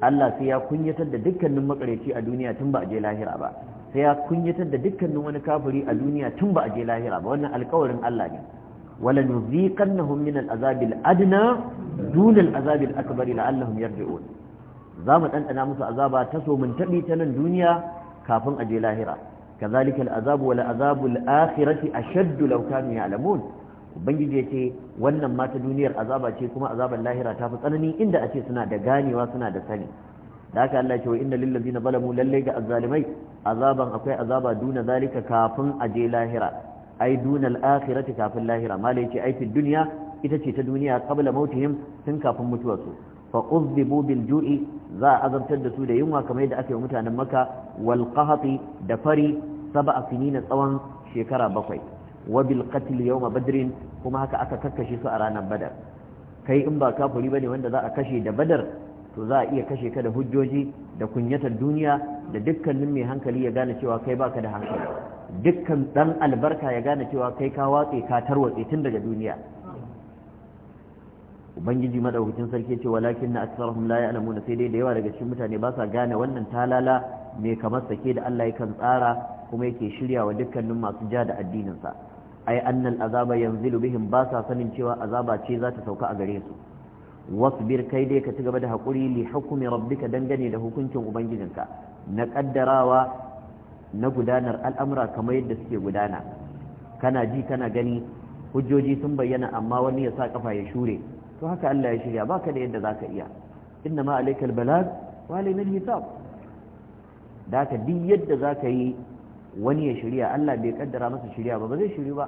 Allah sai ya kunyatar da dukkanin makareci a duniya tun ba a je lahira ba sai ya kunyatar da dukkanin wani kafiri a duniya tun ba a je lahira ba wannan alkawarin Allah ne wala nuziqannahum min al-azabil adna dun al-azabil akbar la'allahum yarji'un za mu ɗanɗana musu azaba ta so taɓi ta nan duniya kafin a je lahira kazalika al'azabu a azabu al-akhirati ashaddu law kanu ya'lamun ubangiji ya ce wannan ma ta duniyar azaba ce kuma azabar lahira ta fi tsanani inda a ce suna da ganewa suna da sani da haka Allah ce wa inna lil ladina zalamu lallai ga azzalimai azaban akwai azaba duna zalika kafin a je lahira ai dunal akhirati kafin lahira malai ce ai duniya ita ce ta duniya qabla mautihim tun kafin mutuwar su. fa uzzibu bil ju'i za a azabtar da su da yunwa kamar da aka yi mutanen maka wal da fari sab'a sinina tsawon shekara bakwai wa bil qatl yawm kuma haka aka kakkashe su a ranar badar kai in ba kafiri bane wanda za a kashe da badar to za a iya kashe ka da hujjoji da kunyatar duniya da dukkanin mai hankali ya gane cewa kai baka da hankali dukkan dan albarka ya gane cewa kai ka watse ka tarwatse tun daga duniya ubangiji madaukakin sarki ce walakin na aksarahum la ya'lamuna sai dai da yawa daga cikin mutane ba sa gane wannan talala mai kamar sake da Allah yakan tsara kuma yake shirya wa dukkanin masu ja da addininsa ai annal azaba yanzilu bihim ba sa sanin cewa azaba ce za ta sauka a gare su wasbir kai dai ka ci gaba da haƙuri li hukumi rabbika dangane da hukuncin ubangijinka na kaddarawa na gudanar al'amura kamar yadda suke gudana kana ji kana gani hujjoji sun bayyana amma wani ya sa kafa ya shure to haka Allah ya shirya baka da yadda zaka iya inna ma alaikal balag wa alaina hisab da ka duk yadda zaka yi wani ya shirya Allah bai kaddara masa shirya ba ba zai shiryu ba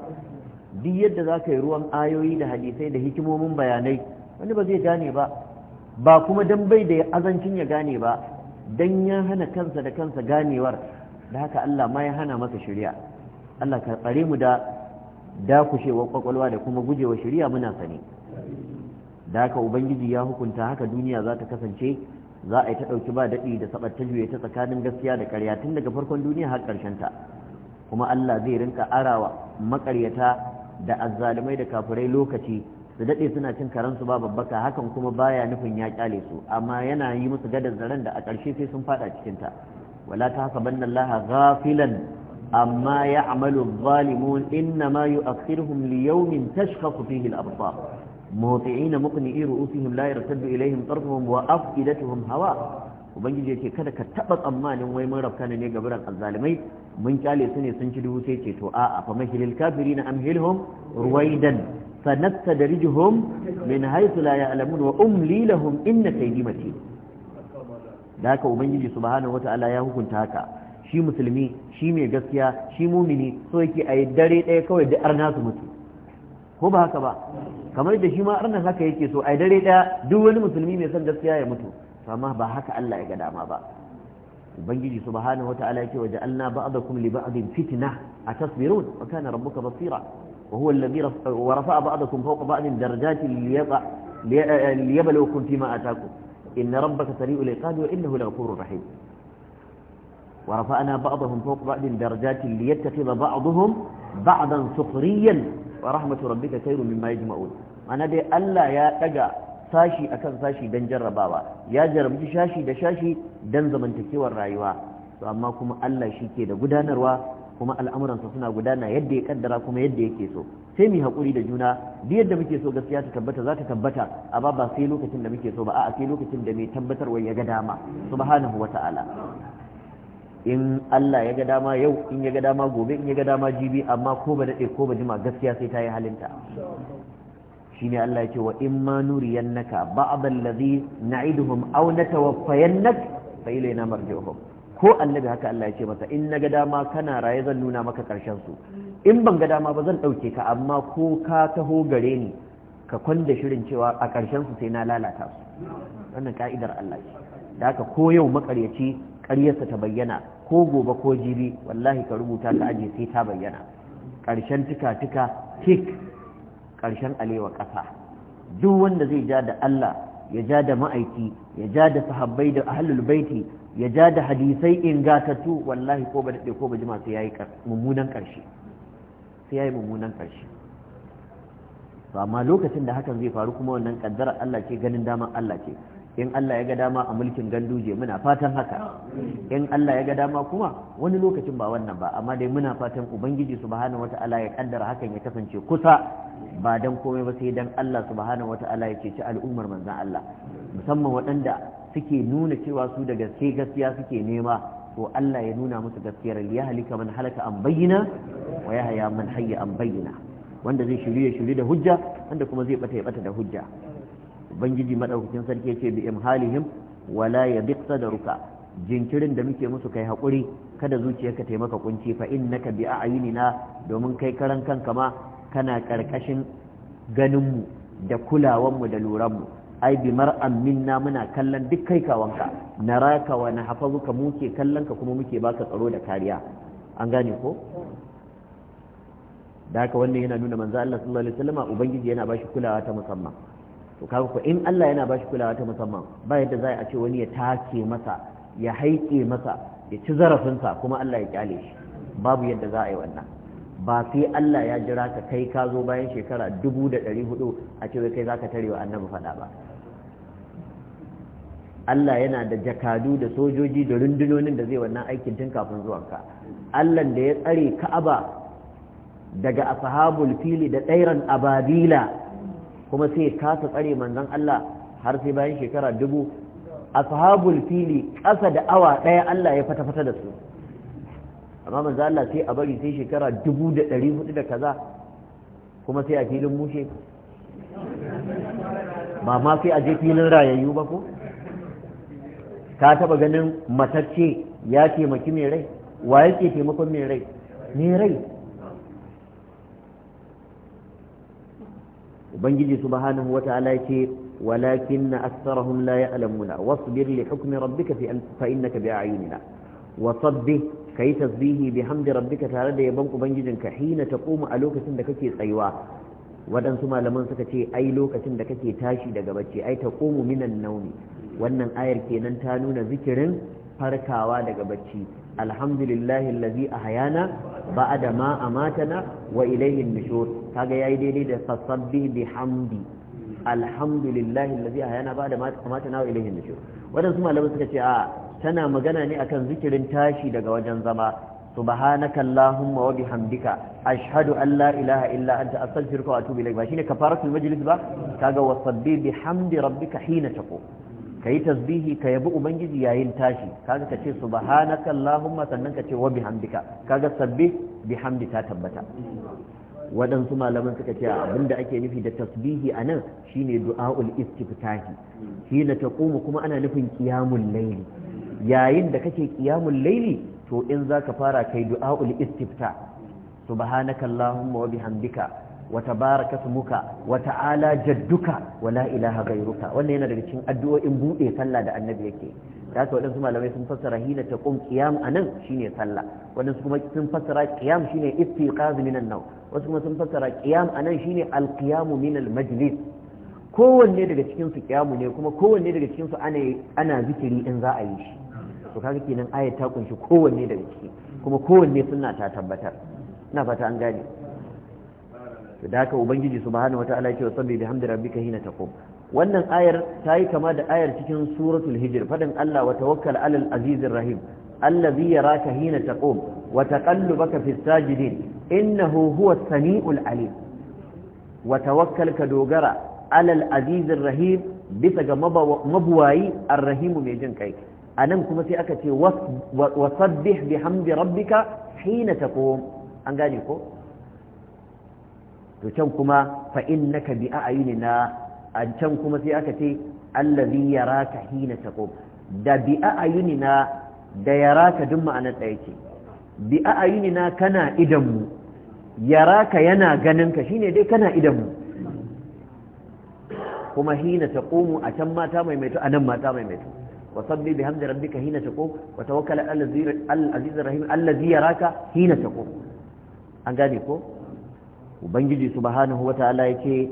duk yadda zaka yi ruwan ayoyi da hadisai da hikimomin bayanai wani ba zai gane ba ba kuma dan bai da azancin ya gane ba dan ya hana kansa da kansa ganewar da haka Allah ma ya hana masa shirya Allah ka tsare mu da dakushewar kwakwalwa da kuma gujewa shirya muna sani da haka ubangiji ya hukunta haka duniya za ta kasance za a yi ta ɗauki ba daɗi da saɓar ta ta tsakanin gaskiya da ƙarya tun daga farkon duniya har ƙarshen ta kuma Allah zai rinka arawa maƙaryata da azzalumai da kafirai lokaci su daɗe suna cin karensu ba babbaka hakan kuma baya nufin ya ƙyale su amma yana yi musu gadar zaren da a ƙarshe sai sun faɗa cikin ta wala ta haka banna Allah ghafilan amma ya'malu adh-dhalimun inna ma yu'akhiruhum li yawmin tashkhaqu fihi al-absar mawti'ina muqni'i ru'usihim la yartaddu ilaihim tarfuhum wa afidatuhum hawa ubangiji yake kada ka taba tsammanin wai mun rafkana ne gaburan azzalimai mun kyale su ne sun ci dubu sai ce to a'a fa mahilil na amhilhum ruwaidan sanastadrijuhum min haythu la ya'lamun wa umli lahum inna kaidi matin da haka ubangiji subhanahu wata'ala ya hukunta haka shi musulmi shi mai gaskiya shi mumini so yake a dare ɗaya kawai da arna su mutu ko ba haka ba kamar da shi ma arnan haka yake so ai dare daya duk wani musulmi mai son gaskiya ya mutu amma ba haka Allah ya ga dama ba ubangiji subhanahu wataala yake waje alna ba'dakum li ba'din fitna atasbirun wa kana rabbuka basira wa huwa alladhi rafa'a ba'dakum fawqa ba'din darajati liyabluwakum fima ataakum inna rabbaka sari'ul iqab wa innahu laghafurur rahim ورفعنا بعضهم فوق بعض درجات ليتخذ بعضهم بعضا سخريا wa rahmatu rabbika khairu mimma yajma'un ma'ana dai Allah ya daga sashi akan sashi dan jarrabawa ya jarrabi sashi da sashi dan zamantakewar rayuwa to amma kuma Allah shi ke da gudanarwa kuma al'amuransa suna gudana yadda ya kaddara kuma yadda yake so sai mu haƙuri da juna duk yadda muke so gaskiya ta tabbata za ta tabbata amma ba sai lokacin da muke so ba a'a sai lokacin da mai wai ya ga dama subhanahu wata'ala in Allah ya ga dama yau in ya ga dama gobe in ya ga dama jibi amma ko ba dade ko ba jima gaskiya sai ta yi halinta shine Allah ya ce wa in ma nuriyannaka ba'd allazi na'iduhum aw natawaffayannak fa ilayna marji'uhum ko annabi haka Allah ya ce masa in naga dama kana raye zan nuna maka karshen su in ban ga dama ba zan dauke ka amma ko ka taho gare ni ka kwanda shirin cewa a karshen su sai na lalata su wannan ka'idar Allah ce da haka ko yau makaryaci ƙaryarsa ta bayyana ko gobe ko jibi wallahi ka rubuta ka aji sai ta bayyana ƙarshen tuka-tuka tik ƙarshen alewa ƙasa duk wanda zai ja da Allah ya ja da ma'aiki ya ja da sahabbai da ahlul baiti ya ja da hadisai ingatattu wallahi ko ba daɗe ko ba jima sai yayi mummunan ƙarshe sai yayi mummunan ƙarshe amma lokacin da hakan zai faru kuma wannan kaddara Allah ce ganin daman Allah ce in Allah ya ga dama a mulkin ganduje muna fatan haka in Allah ya ga dama kuma wani lokacin ba wannan ba amma dai muna fatan ubangiji subhanahu wataala ya kaddara hakan ya kasance kusa ba dan komai ba sai dan Allah subhanahu wataala ya ceci al'ummar manzan Allah musamman waɗanda suke nuna cewa su da gaske gaskiya suke nema to Allah ya nuna musu gaskiyar ya halika man halaka an bayyana wa ya haya man hayya an bayyana wanda zai ya shiri da hujja wanda kuma zai bata ya bata da hujja ubangiji madaukakin sarki yace bi imhalihim wala da sadruka jinkirin da muke musu kai hakuri kada zuciyarka ta maka kunci fa innaka bi a'yunina domin kai karan kanka ma kana karkashin ganin mu da kulawan mu da luran mu ai bi mar'an minna muna kallon duk kai kawanka naraka wa nahfazuka muke kallon ka kuma muke baka tsaro da kariya an gane ko da haka wannan yana nuna manzo Allah sallallahu alaihi wasallam ubangiji yana bashi kulawa ta musamman to kaga ko in Allah yana bashi kulawa ta musamman ba yadda za a ce wani ya take masa ya haike masa ya ci zarafinsa kuma Allah ya kyale shi babu yadda za a yi wannan ba sai Allah ya jira ka kai ka zo bayan shekara dubu da ɗari hudu a ce kai za ka tarewa annabi faɗa ba Allah yana da jakadu da sojoji da rundunonin da zai wannan aikin tun kafin ka Allah da ya tsare ka'aba daga ashabul fili da tsairan ababila kuma sai kasa tsare manzon Allah har sai bayan shekara dubu ashabul fili ƙasa da awa ɗaya Allah ya fata-fata da su amma manzan Allah sai a bari sai shekara dubu da ɗari hudu da kaza kuma sai a filin mushe ba ma sai a je filin rayayyu ba ko ka taba ganin matacce ya taimaki mai rai wa yake taimakon mai rai mai rai ubangiji subhanahu wata'ala yace walakinna aktharahum la ya'lamuna wasbir li hukmi rabbika fa innaka bi'ayunina wa sabbih kai tasbihi bihamdi rabbika tare da yaban ubangijinka hina taqumu a lokacin da kake tsayuwa waɗansu malaman suka ce ai lokacin da kake tashi daga bacci ai taqumu minan nauni wannan ayar kenan ta nuna zikirin farkawa daga bacci a alhamdulillahi allazi ahyana ba'da ma matana wa ilayhi an-nushur kaga yayi daidai da fasabbi bihamdi alhamdulillahi allazi ahyana ba'da ma matana wa ilayhi an-nushur wadan su malamai suka ce a tana magana ne akan zikirin tashi daga wajen zama subhanaka allahumma wa bihamdika ashhadu an la ilaha illa anta astaghfiruka wa atubu ilayk ba shine kafaratul majlis ba kaga wasabbi bihamdi rabbika hina taqum ka yi tasbihi ka yabi ubangiji yayin tashi kaga ka ce subhanaka allahumma sannan ka ce wa bihamdika kaga sabbi bihamdi ta tabbata waɗansu malaman suka ce da ake nufi da tasbihi a nan shine du'a'ul istiftahi hina ta kuma ana nufin ƙiyamun layli yayin da kake ƙiyamun layli to in zaka fara kai du'a'ul istifta subhanaka allahumma wa bihamdika وتبارك اسمك وتعالى جدك ولا إله غيرك wannan yana daga cikin addu'o'in bude sallah da annabi yake da haka wadansu malamai sun fassara hina ta qum qiyam anan shine sallah wadansu kuma sun fassara qiyam shine istiqaz minan naw wasu kuma sun fassara qiyam anan shine alqiyam min almajlis kowanne daga cikin su qiyamu ne kuma kowanne daga cikin su ana ana zikiri in za a yi shi to kaga kenan ayat ta kunshi kowanne daga ciki kuma kowanne sunna ta tabbatar ina fata an gane to da haka ubangiji subhanahu wataala yake wa sabbi bihamdi rabbika hina taqum wannan ayar ta yi kama da ayar cikin suratul hijr fadin Allah wa tawakkal alal azizir rahim allazi yaraka hina taqum wa taqallubaka fis sajidin innahu huwa samiul alim wa tawakkal ka dogara alal azizir rahim bisa ga mabuwayi arrahimu mai jin kai anan kuma sai aka ce wasabbih bihamdi rabbika hina tako an gane ko to can kuma fa innaka bi na. an can kuma sai aka ce allazi yaraka hina taqum da bi na, da yaraka duk ma'anar ɗaya ce bi na kana idan mu yaraka yana ganin ka shine dai kana idan mu kuma hina mu a can mata maimaito a nan mata maimaito bi وصلي بحمد ربك حين تقوم وتوكل على العزيز الرحيم الذي يراك حين تقوم an gane ko ubangiji subhanahu wata'ala yake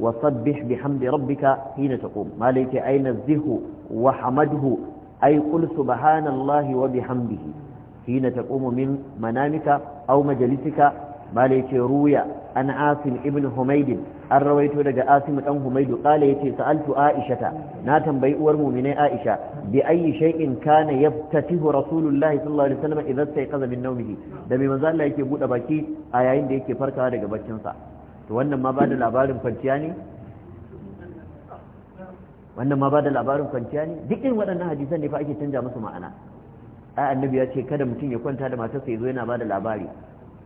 wasabbih bihamdi rabbika hina taqum malaike aina zihu wa hamadhu ay qul subhanallahi wa bihamdihi hina taqumu min manamika aw majalisika malai ce ruya an asim ibn humaidin an rawaito daga asim dan humaidu kala yace sa'altu aishata na tambayi uwar mu'minai aisha bi ayi shay'in kana yaftatihu rasulullahi sallallahu alaihi wasallam idza stayqaza min nawmihi da me manzo Allah yake bude baki a yayin da yake farkawa daga baccin sa to wannan ma bada labarin kwanciya ne wannan ma bada labarin kwanciya ne duk irin waɗannan hadisan ne fa ake canja musu ma'ana ai annabi ya ce kada mutum ya kwanta da matarsa ya zo yana bada labari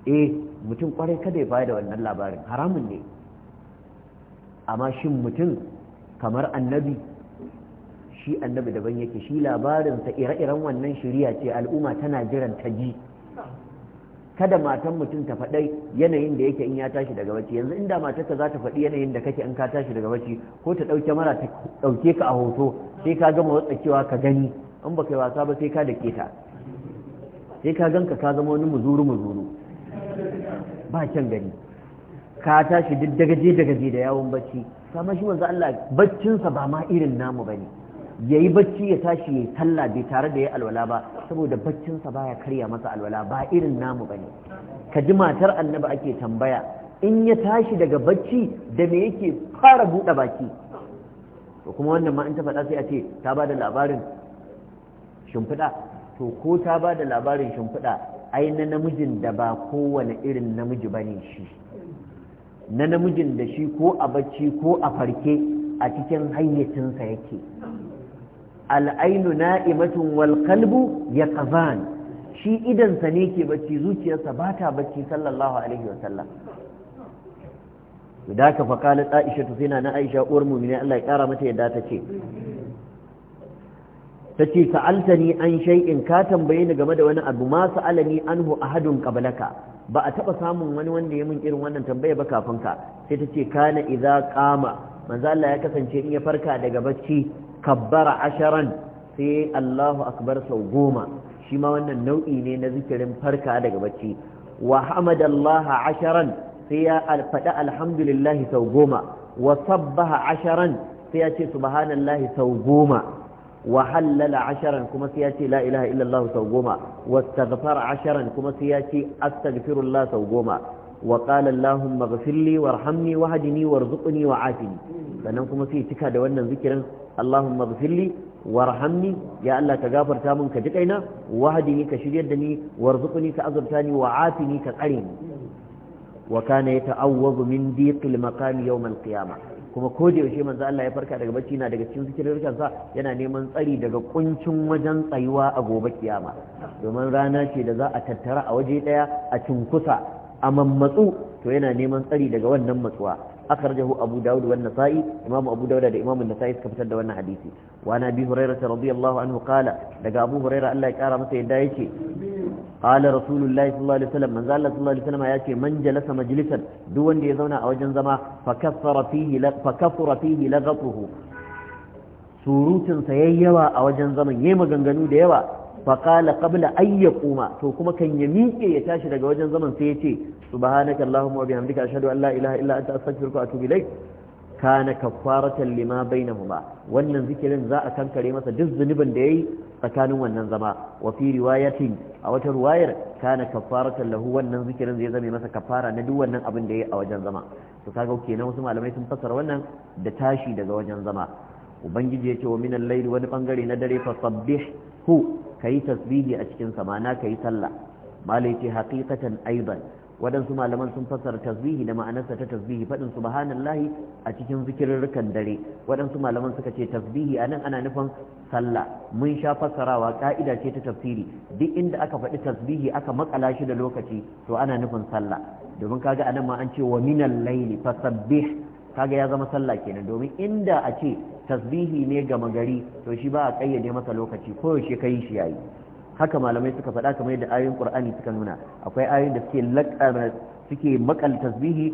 e mutum kwarai kada ya bayar da wannan labarin haramun ne amma shin mutum kamar annabi shi annabi daban yake shi labarinsa ire-iren wannan shirya ce al'umma tana jiran ta ji kada matan mutum ta faɗai yanayin da yake in ya tashi daga bacci yanzu inda matarka za ta faɗi yanayin da kake in ka tashi daga bacci ko ta ɗauke mara ta ɗauke ka a hoto sai ka gama cewa ka gani in baka yi wasa ba sai ka dake ta sai ka ganka ka zama wani muzuru muzuru ba kyan gani ka tashi duk dagaje dagaje da yawon bacci kamar shi manzo Allah baccinsa ba ma irin namu bane yayi bacci ya tashi ya talla bai tare da yayi alwala ba saboda baccinsa baya karya masa alwala ba irin namu bane ka ji matar annabi ake tambaya in ya tashi daga bacci da me yake fara buɗe baki to kuma wannan ma in ta faɗa sai a ce ta ba da labarin shimfiɗa to ko ta ba da labarin shimfiɗa ai na namijin da ba kowane irin namiji ba ne shi na namijin da shi ko a bacci ko a farke a cikin hayyacinsa yake al'ainu na'imatun wal kalbu ya kazan shi idansa ne ke bacci zuciyarsa ba ta bacci sallallahu alaihi wasallam da ka fa kalat aisha tufina na aisha uwar mu ne, Allah ya kara mata yadda ta ce tace sa'altani an shay'in ka tambaye ni game da wani abu ma sa'alani anhu ahadun qablaka ba a taɓa samun wani wanda ya min irin wannan tambaya ba kafin ka sai tace kana idza qama manzo Allah ya kasance in ya farka daga bacci kabbara asharan sai Allahu akbar sau goma shi ma wannan nau'i ne na zikirin farka daga bacci wa hamadallaha asharan sai ya faɗi alhamdulillahi sau goma wa sabbaha asharan sai ya ce subhanallahi sau goma wa hallala asharan kuma sai ya la ilaha illallah sau goma wastaghfar asharan kuma sai ya ce astaghfirullah sau goma wa qala allahumma ighfirli warhamni wahdini warzuqni wa'afini sannan kuma sai cika da wannan zikirin allahumma ighfirli warhamni ya Allah ka gafarta min ka ji kaina wahdini ka shiryar da ni warzuqni ka azurta ni wa'afini ka tsare ni wa kana yata'awwazu min diqil maqami yawm kiyama. kuma ko da yaushe manzo Allah ya farka daga bacci na daga cikin zikirin sa yana neman tsari daga kuncin wajen tsayuwa a gobe kiyama domin rana ce da za a tattara a waje daya a cinkusa a mammatsu to yana neman tsari daga wannan matsuwa akhrajahu abu daud wa an-nasa'i imamu abu daud da nasai suka fitar da wannan hadisi wa ana bi hurairah radiyallahu anhu qala daga abu hurairah Allah ya kara masa yadda yake qala rasulullahi sallallahu alaihi wasallam manzo Allah sallallahu man jalasa majlisan duk wanda ya zauna a wajen zama fa kaffara fihi fa kaffara a wajen zaman yayi maganganu da yawa فقال قبل أن يقوم فكما كان يميك يتاشر جوجا زمن سيتي سبحانك اللهم وبحمدك أشهد أن لا a إلا أنت أستغفرك وأتوب إليك lima bai na بينهما wannan zikirin za a kankare masa duk zunubin da yayi tsakanin wannan zama wa fi riwayatin a wata ruwayar kana kafaratan lahu wannan zikirin zai zame masa kafara na duk wannan abin da yi a wajen zama to kaga kenan wasu malamai sun fassara wannan da tashi daga wajen zama ubangiji ya ce wa minan layli wani bangare na dare fa sabbih hu kayi tasbihi a cikin sa ma'ana kayi sallah malai ce aiban aidan wadansu malaman sun fassara tasbihi da ma'anarsa ta tasbihi faɗin subhanallahi a cikin zikirrukan dare wadansu malaman suka ce tasbihi anan ana nufin sallah mun sha fassarawa ka'ida ce ta tafsiri duk inda aka faɗi tasbihi aka makala shi da lokaci to ana nufin sallah domin kaga anan ma an ce wa minan laili fasabbih kaga ya zama sallah kenan domin inda a ce tasbihi ne gama gari to shi ba a kayyade masa lokaci ko yaushe kai shi yayi haka malamai suka faɗa kamar yadda ayoyin qur'ani suka nuna akwai ayoyin da suke laƙa eh, suke makal tasbihi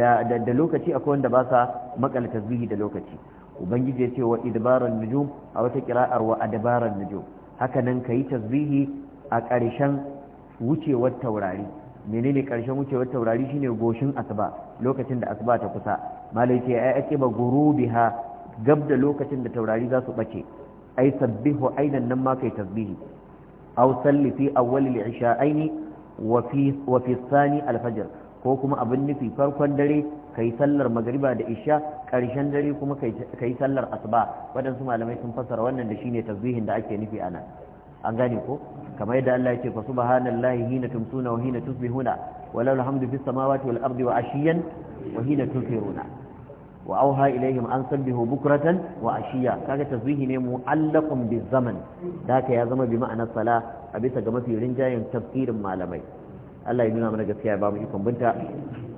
da da lokaci akwai wanda ba sa makal tasbihi da lokaci ubangiji ya ce wa idbaran nujum a wata kira'ar wa adbaran nujum haka nan kayi tasbihi a ƙarshen wucewar taurari menene ƙarshen wucewar taurari shine goshin asuba lokacin da asuba ta kusa malai ce ai ake ba gurubiha gab da lokacin da taurari za su bace ai sabbihu ainan nan ma kai tasbihi aw salli fi awwal al-isha'aini wa fi wa fi thani al-fajr ko kuma abin nufi farkon dare kai sallar magriba da isha ƙarshen dare kuma kai sallar asuba wadansu malamai sun fassara wannan da shine tasbihin da ake nufi anan an gane ko kamar yadda Allah ce fa subhanallahi hina tumsuna wa hina tusbihuna wala alhamdu fis samawati wal ardi wa ashiyan wa hina wa auha ilaihim an sabbihu bukratan wa ashiya kaga tasbihi ne mu'allaqun bi zaman daka ya zama bi ma'anar sala a bisa ga mafi rinjayen tafsirin malamai Allah ya nuna mana gaskiya ya bamu ikon binta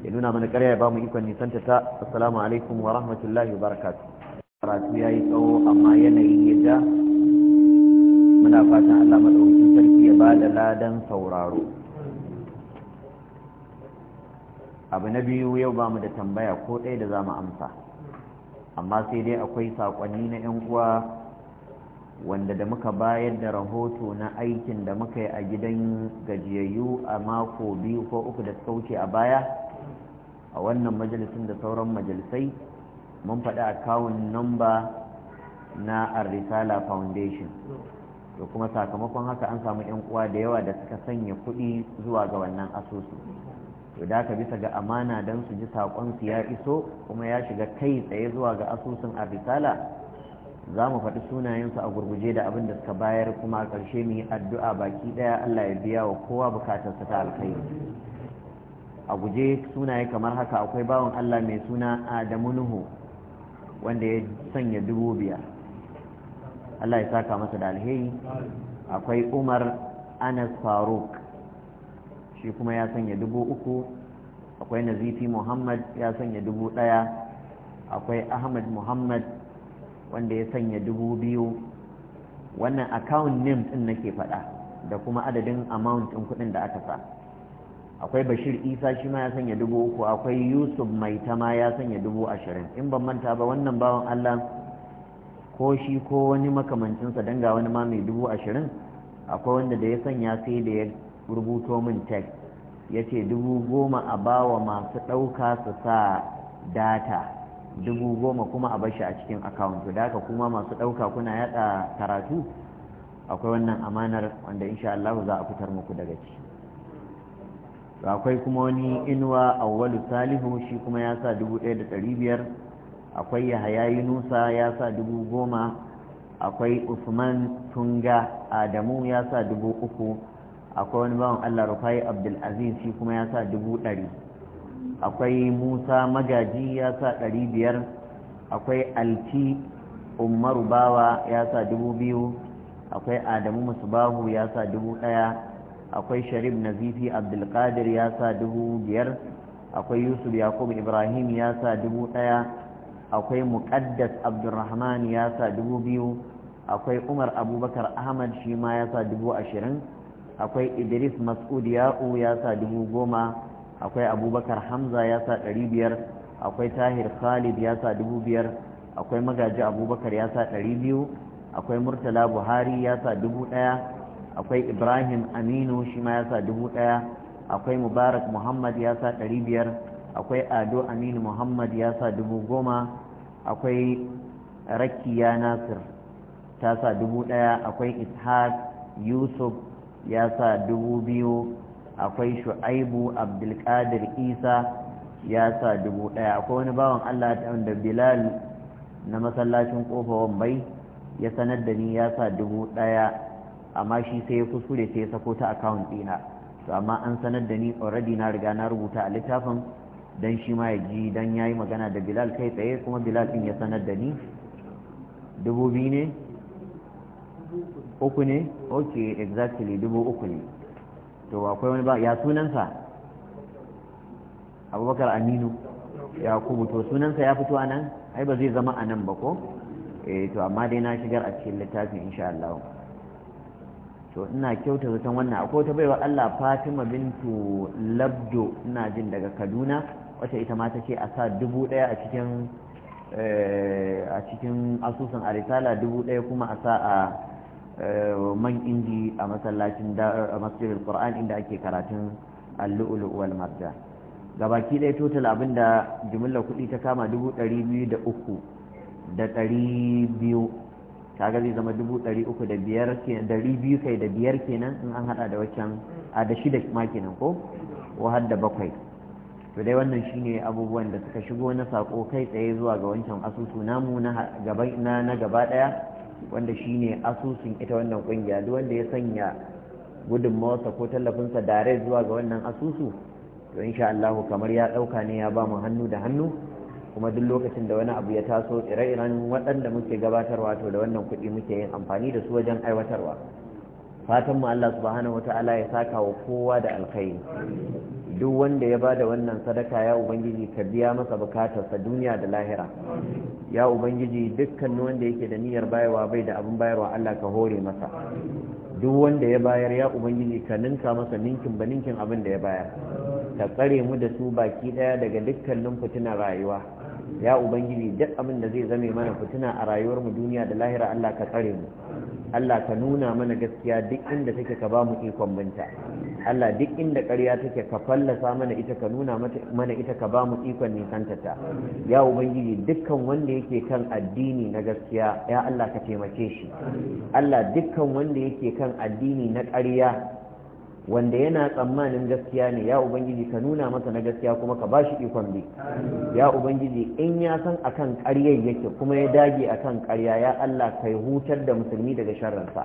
ya nuna mana ƙarya ya bamu ikon nisanta ta assalamu alaikum wa rahmatullahi wa barakatuh karatu yayi tsawo amma yanayin yadda muna fatan Allah madaukakin sarki ya bada ladan sauraro abu na biyu yau ba mu da tambaya ko ɗaya da za mu amsa amma sai dai akwai saƙonni na 'yan uwa wanda da muka bayar da rahoto na aikin da muka yi a gidan gajiyayyu a mako biyu ko uku da suka wuce a baya a wannan majalisun da sauran majalisai mun faɗi akawun namba na arisala foundation da kuma sakamakon haka an samu 'yan uwa da yawa da suka sanya kuɗi zuwa ga wannan asusu to da ka bisa ga amana don su ji saƙonsu ya iso kuma ya shiga kai tsaye zuwa ga asusun abisala za mu faɗi sunayensu a gurguje da abin da suka bayar kuma a ƙarshe mu yi addu'a baki ɗaya allah ya biya wa kowa bukatarsa ta alkhairi a guje sunaye kamar haka akwai bawan allah mai suna adamu nuhu wanda ya sanya dubu biyar allah ya saka masa da alheri akwai umar anas faruk shi kuma ya sanya dubu uku akwai nazifi muhammad ya sanya dubu ɗaya akwai ahmad muhammad wanda ya sanya dubu biyu wannan account name ɗin nake faɗa da kuma adadin amount din kudin da aka sa akwai bashir isa shi ma ya sanya dubu uku akwai yusuf mai tama ya sanya dubu ashirin in ban manta ba wannan bawan allah ko shi ko wani makamancinsa don ga wani ma mai dubu ashirin akwai wanda da ya sanya sai da ya rubuto min tek ya ce dubu goma a bawa masu ɗauka su sa data dubu goma kuma a bashi a cikin akawuntu da haka kuma masu ɗauka kuna yada karatu akwai wannan amanar wanda insha Allah za a fitar muku daga ci akwai kuma wani inuwa awwalu salihu shi kuma ya sa dubu ɗaya da ɗari biyar akwai yahaya yunusa ya sa dubu goma akwai usman tunga adamu ya sa dubu uku akwai wani bawan Allah Rufai Abdulaziz shi kuma ya sa dubu ɗari akwai Musa Magaji ya sa ɗari biyar akwai Alki Umaru Bawa ya sa dubu biyu akwai Adamu Musubahu ya sa dubu ɗaya akwai Sharif Nazifi Abdulkadir ya sa dubu biyar akwai Yusuf Yakubu Ibrahim ya sa dubu ɗaya akwai Muƙaddas Abdulrahman ya sa dubu biyu akwai Umar Abubakar Ahmad shi ma ya sa dubu ashirin akwai idris mas'ud ya'u ya sa dubu goma akwai abubakar hamza ya sa ɗari biyar akwai tahir khalid ya sa dubu biyar akwai magaji abubakar ya sa ɗari biyu akwai murtala buhari ya sa dubu ɗaya akwai ibrahim aminu shi ma ya sa dubu ɗaya akwai mubarak muhammad ya sa ɗari biyar akwai ado aminu muhammad ya sa dubu goma akwai rakiya nasir ta sa dubu ɗaya akwai ishaq yusuf ya sa dubu biyu akwai shu'aibu abdulkadir isa ya sa dubu ɗaya akwai wani bawan allah da bilal na masallacin kofa wambai ya sanar da ni ya sa dubu ɗaya amma shi sai ya kuskure sai ya sako ta akawun ɗina to amma an sanar da ni already na riga na rubuta a littafin don shi ma ya ji don ya yi magana da bilal kai tsaye kuma bilal ɗin ya sanar da ni dubu biyu ne uku ne ok exactly dubu uku ne to akwai wani ba ya sunansa abubakar aminu ya to sunansa ya fito a nan ai ba zai zama a nan ba ko eh to amma dai na shigar a cikin littafin insha Allah to ina kyauta zaton wannan akwai ta baiwa Allah Fatima bintu Labdo ina jin daga Kaduna wace ita ma ta ce a sa dubu ɗaya a cikin eh, a cikin asusun a dubu ɗaya kuma a sa a Eh, man inji a masallacin masjidil qur'an inda ake karatun al-lu'lu' wal marjan gabaki ɗaya total abinda jumlar kuɗi ta kama dubu ɗari biyu da uku da ɗari biyu kaga zai zama dubu ɗari uku da biyar ɗari biyu kai da biyar kenan in an haɗa da waccan a da shida ma kenan ko wahar da bakwai to dai wannan shine abubuwan da suka shigo na sako kai tsaye zuwa ga wancan asusu namu na gaba ɗaya wanda shi ne asusun ita wannan kungiya duk wanda ya sanya gudunmawarsa ko tallafinsa dare zuwa ga wannan asusu to insha Allah kamar ya dauka ne ya ba mu hannu da hannu kuma duk lokacin da wani abu ya taso ire-iren waɗanda muke gabatarwa to da wannan kuɗi muke yin amfani da su wajen aiwatarwa fatan mu Allah subhanahu wataala ya saka wa kowa da alkhairi duk wanda ya bada wannan sadaka ya ubangiji ka biya masa bukatarsa duniya da lahira ya ubangiji dukkanin wanda yake da niyyar bayarwa bai da abin bayarwa Allah ka hore masa duk wanda ya bayar ya ubangiji ka ninka masa ninkin ba ninkin abin da ya bayar ka tsare mu da su baki daya daga dukkanin fitinar rayuwa ya ubangiji duk abin da zai zame mana fitina a rayuwar mu duniya da lahira Allah ka tsare mu Allah ka nuna mana gaskiya duk inda take ka ba mu ikon binta Allah duk inda ƙarya take ka fallasa mana ita ka nuna mana ita ka ba mu ikon nisantata ya ubangiji dukkan wanda yake kan addini na gaskiya ya Allah ka taimake shi Allah dukkan wanda yake kan addini na ƙarya wanda yana tsammanin gaskiya ne ya ubangiji ka nuna masa na gaskiya kuma ka ba shi ikon bi ya ubangiji in ya san akan ƙaryar yake kuma ya dage akan ƙarya ya Allah ka hutar da musulmi daga sharransa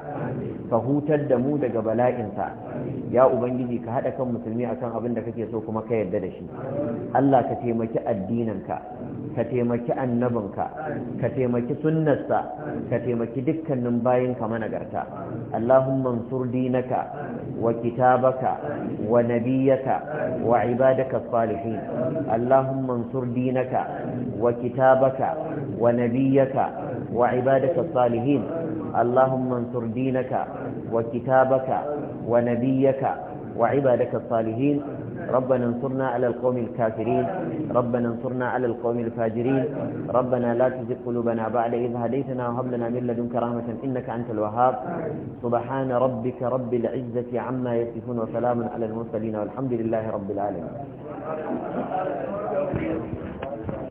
ka hutar da mu daga bala'insa ya ubangiji ka haɗa kan musulmi akan abin da kake so kuma ka yarda da shi Allah ka taimaki addininka ka taimaki annabinka ka taimaki sunnarsa ka taimaki dukkanin bayinka managarta Allahumma ansur dinaka wa kitabaka wa nabiyaka wa ibadaka salihin Allahumma ansur dinaka wa kitabaka wa nabiyaka wa ibadaka salihin Allahumma ansur dinaka wa kitabaka wa nabiyaka wa ibadaka salihin ربنا انصرنا على القوم الكافرين ربنا انصرنا على القوم الفاجرين ربنا لا تزغ قلوبنا بعد إذ هديتنا وهب لنا من لدنك رحمة إنك أنت الوهاب سبحان ربك رب العزة عما يصفون وسلام على المرسلين والحمد لله رب العالمين